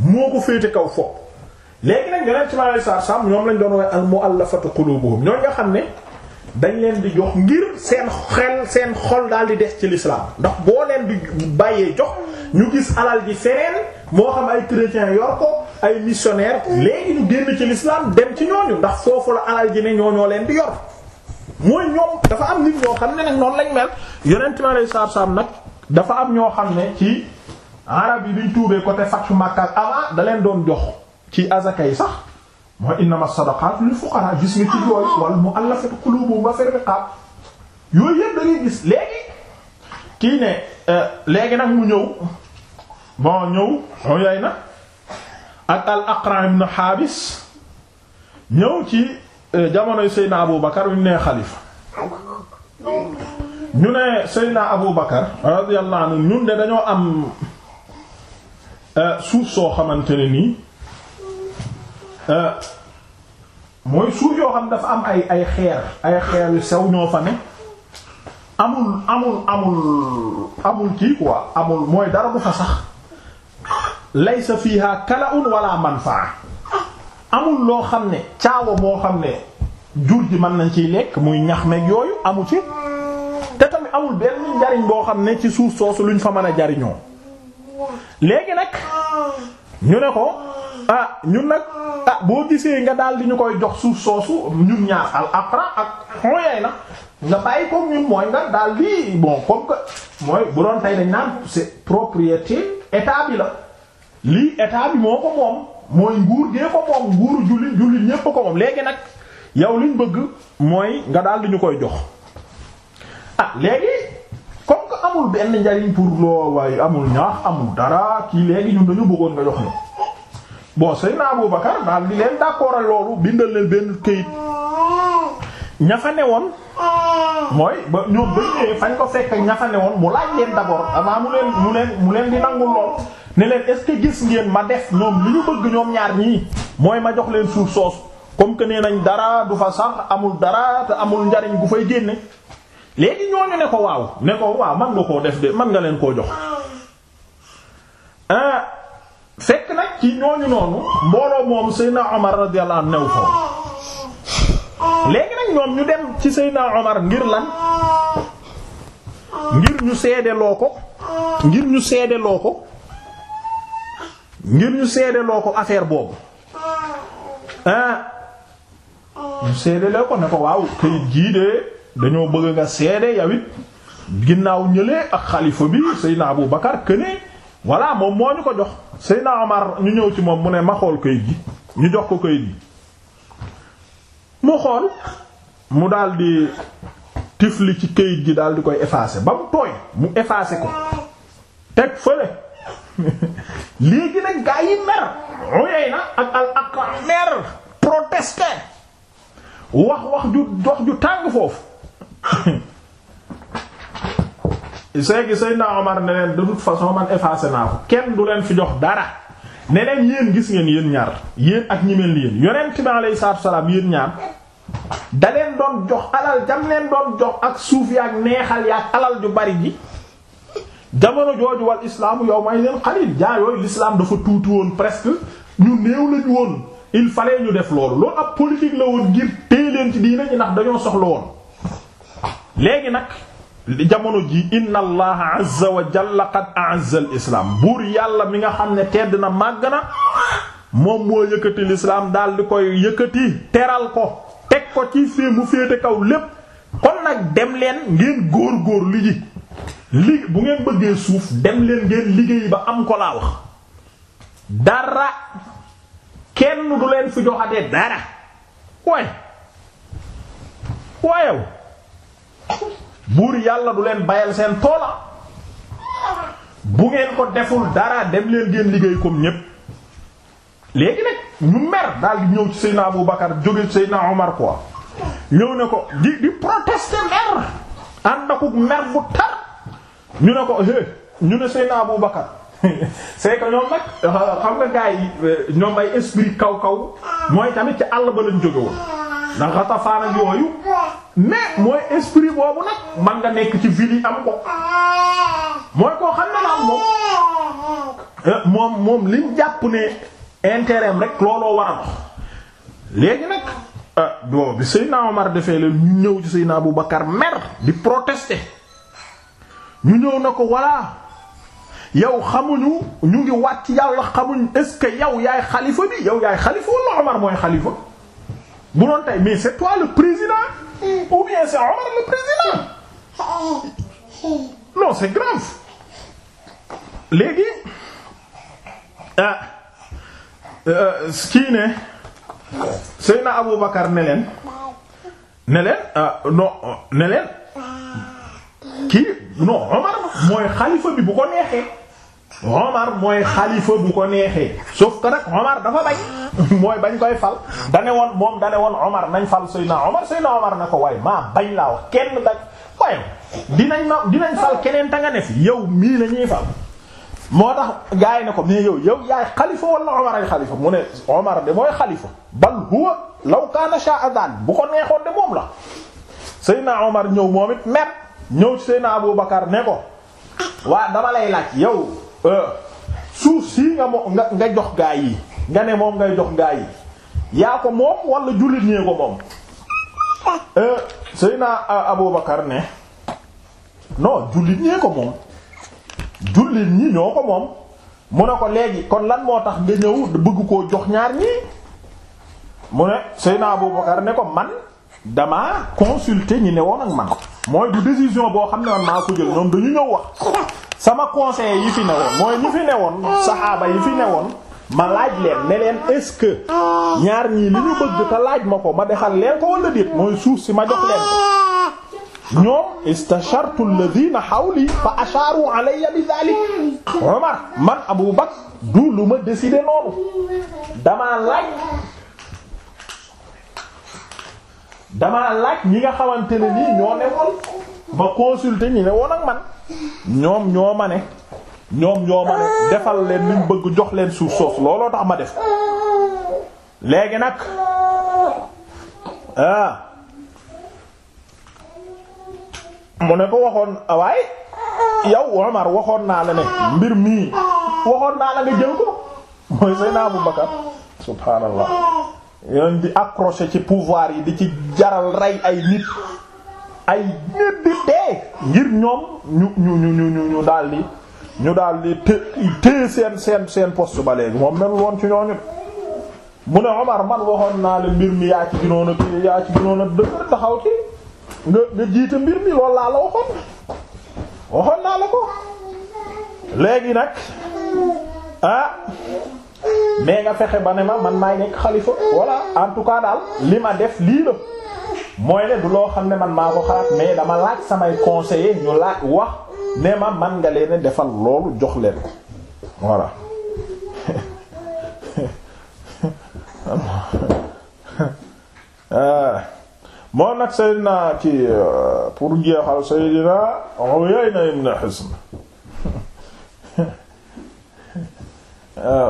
Speaker 1: moo ko féete kaw fopp léegi nag yeneen ci maanaam saa saam ñoom lañ doon woowee al mu'allafatu qulubuhum ñooñu nga xam ne dañ leen di jox ngir seen xel seen xol daal di des ci l'islam ndax boo leen di bàyyee jox ñu gis alal ji feneen moo xam ay chrétiens yor ay missionnaires léegi ñu génn ci l'islam dem ci ñooñu ndax foofu la alal ji ne ñooñoo leen di yor mooy ñoom dafa am nit ñoo xam ne nag noonu lañ mel yeneen ci maanaam saa saam nag dafa am ñoo xam ne ci. arab yi biñ tuubee côté Fathu Makka avant da leen doon jox ci azaka yi sax mooy innama sadaqat lil fuqara gis nga ci yooyu wal mu'allafati qulubuhum wa fi riqab yooyu yëpp da gis léegi kii ne euh, léegi nag mu ñëw bon ñëw on yay na ak al Aqra ibn Habis ñëw ci euh, jamonoy Seydina Abu Bakar ñu nee xalifa ñu ne Seydina Abu Bakar radiyallahu anhu ñun de dañoo am Euh, suuf soo xamante ne nii euh, mooy suuf yoo xam dafa am ay ay xeer ay xeer yu sew ñoo fa ne amul amul amul amul kii quoi amul mooy dara bu fa sax laysa fiha kala'un wala manfaa amul loo xam ne caawa boo xam ne jur ji mën nañ ciy lekk muy ñax meeg yooyu amu ci te tamit amul benn njariñ boo xam ne ci suuf soosu luñ fa mën a jariñoo léegi nag ñu ne ko ah ñun nag ah boo gisee nga daal di ñu koy jox suuf soosu ñun ñaar al après ak xooyaay na nga bàyyi ko mooy nga daal di bon comme que mooy bu doon tey dañ naan c'est propriété état bi la lii état bi moo ko moom mooy nguur gee ko moom nguuru jullit jullit ñépp ko moom léegi nag yow liñ bëgg mooy nga daal di ñu koy jox ah léegi amul benn njariñ pour loo waaye amul ñaax amul dara kii léegi ñun dañu bëggoon nga jox la bon Seydina Abu Bakar daal di leen d'accord loolu bindal leen benn këyit ña fa newoon mooy ba ñoom dañu fañ ko fekk ña fa newoon mu laaj leen d'abord avant mu leen mu leen mu leen di nangul lool ne leen est-ce que gis ngeen ma def ñoom li ñu bëgg ñoom ñaar ñii mooy ma jox leen suuf soosu comme que nee nañ dara du fa sax amul dara te amul njariñ gu fay génne. léegi ñooñu ne ko waaw ne ko waaw man nga koo def de man nga leen koo jox ah, fekk nag ci ñooñu noonu mbooloo moom Seydina Omar radiyallahu anhu new fa léegi nag ñoom ñu dem ci Seydina Omar ngir lan ngir ñu seedeloo ko ngir ñu seedeloo ko ngir ñu seedeloo ko affaire boobu ah, ñu seedeloo ko ne ko waaw kayit gii de dañoo bëgg nga seede yow ginnaaw ñëlee ak xalifa bi Seydina Abu Bakar këne voilà moom moo ñu ko jox Seydina Omar ñu ñëw ci moom mu ne ma xool kayit gi ñu jox ko kayit gi mu xool mu daldi tifli ci kayit gi daldi koy effacer ba mu tooy mu effacer ko teg fële *laughs* léegi nag gaa yi mer oyey na ak ak mer protester wax wax ju wax ju tàng foofu seegi *laughs* Seydina Omar ne leen façon man effacé naa ko kenn du leen fi jox dara ne leen yéen gis ngeen yéen ñaar yéen ak ñi mel ni yéen yonent bi alayhi salaatu salaam yéen ñaar da doon jox alal jam leen doon jox ak suuf yaak neexal yaak alal ju bari ji jamono jooju wal islaamu yow may leen xalil jaa yooyu dafa tuuti woon presque ñu néew lañu woon il fallait ñu def loolu loolu ab politique la woon ngir téye leen ci diine ñi ndax dañoo soxla woon léegi nag jamono ji inna allaha azza wa jalla qad a'azza al buur yàlla mi nga xam ne tedd na màgg na moom moo yëkkati lislaam daal di koy yëkkati teral ko teg ko ci fi mu féete kaw lépp kon nag dem leen ngeen góor góor li ji li bu ngeen bëggee suuf dem leen ngeen liggéey ba am ko laa wax dara kenn du leen fi joxatee dara way wayow buur yàlla du leen bayal seen toola bu ngeen ko deful dara dem leen ngeen liggéey comme ñépp léegi nag ñu mer daal di ñëw ci Seydina bu Bakar jóge Seydina Omar quoi ñëw ne ko di di protester mer ànd mer bu tar ñu ne ko é eh, ñu ne Seydina Abu Bakar *laughs* c'est que ñoom nag xam nga gars yi eh, ñoom ay esprit kaw kaw mooy tamit ci àll ba lañ jóge woon ndax Ghatafaan ak yooyu mooy esprit boobu nag man nga nekk ci ville am ko mooy koo xam ne daal moom eh, moom moom liñ jàpp ne intérêt am rek looloo war a dox léegi nag eh, bo bi Seydina Omar defee leen ñu ñëw ci Seydina Abu Bakar mer di protester ñu ñëw na ko voilà yow xamuñu ñu ngi wàcc yàlla xamuñ est-ce que yow yaay xalifa bi yow yaay xalifa walla Omar mooy xalifa bu doon tey mais c'est toi le président ou bien c'est Omar le président non c'est grave léegi ah euh, kii ne Seyna Aboubacar ne ah, non ne leen non Omar mooy xalifa bu ko neexee. Omar mooy xalifa bu ko neexee sauf que nag Omar dafa bañ *laughs* mooy bañ koy fal dane woon moom dane woon Omar nañ fal Seydina Omar Seydina Omar na ko waaye maa bañ laa wax kenn dag dinañ dinañ keneen ta nga yow mii la ñuy tax gars yi ne ko mais yow yow yaay xalifa wala Omar ay xalifa mu ne Omar de mooy xalifa bal huwa law kaana sha'a daan bu ko neexoon de moom la Seydina Omar ñëw moom it met ñëw ci Seydina Bakar ne ko ah, waa dama lay laaj yow Euh, suuf sii nga moom nga nga jox gaa yi nga ne moom ngay jox gaa yi yaa ko moom wala jullit ñee ko moom euh, sëy naa Abubakar ne non jullit ñee ko moom jullit ñi ñoo ko moom mu ne ko léegi kon lan moo tax nga ñëw bëgg koo jox ñaar ñii mu ne Seydina Abubakar ne ko man dama consulter ñi ne woon ak man mooy du décision boo xam ne man maa ko jël ñoom dañu ñëw wax sama conseil yi fi newoon mooy ñi fi newoon saxaaba yi fi ne woon ma laaj leen ne leen est-ce que ñaar ñii li ñu bëgg te laaj ma ko ma defal leen ko wala déet mooy suuf si ma jox leen ko ñoom istashartu alladhina hawli fa asharu alayya bi dhalik Omar man Abu Bakr du lu ma décider noonu damaa laaj damaa laaj ñi nga xawante ne nii ñoo newoon ma consulter ñi ne woon ak man ñoom ñoo ma ne ñoom ñoo ne defal leen liñ bëgg jox leen suuf soosu looloo tax ma def ko léegi nag ah mu ne ko waxoon ah, waaye yow Omar waxoon naa la ne mbir mii waxoon naa la nga jël ko mooy Seydina Abu Bakar subhaanallah yoon di accroché ci pouvoir yi di ci jaral rey ay nit ay nit di dee ngir ñoom ñu ñu ñu ñu ñu daal di ñu daal di té téye seen seen seen poste ba léegi moom mel woon ci ñooñu mu ne Omar man waxoon naa la mbir mi yaa ci ginoon a kii yaa ci ginoon a dëgër taxaw ci nga nga jiite mbir mi loolu laa la waxoon waxoon naa la ko léegi nag ah mais nga fexe ba ne ma man maay nekk xalifa voilà en tout cas daal li ma def lii la. mooy ne du loo xam ne man maa ko xalaat mais dama laaj samay conseiller ñu laaj wax ne ma man nga leen defal loolu jox leen ko voilà *laughs* euh, moom nag Seydina ci euh, pour jeexal Seydina Uyayna ibn Hisn *laughs* euh,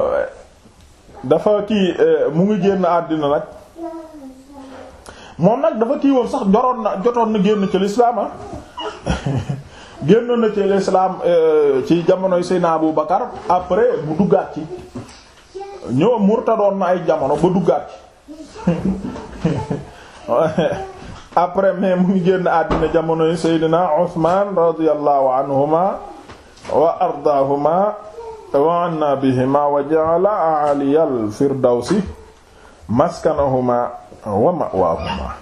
Speaker 1: dafa kii mu ngi génn àddina nag moom nag dafa kii sax joroon jotoon na génn ci lislaam ah. *laughs* génnoon na ci lislaam euh, ci jamonoy Seydina Abu Bakar après bu duggaat ci ñëw murtadoon na ay jamono ba duggaat ci *laughs* après mais mu ngi génn àddina jamonoy Seydina Usmaan radiyallahu anhuma wa ardaahuma wa anna wa ja'ala a'aliyal firdawsi maskanahuma wa ma'waahuma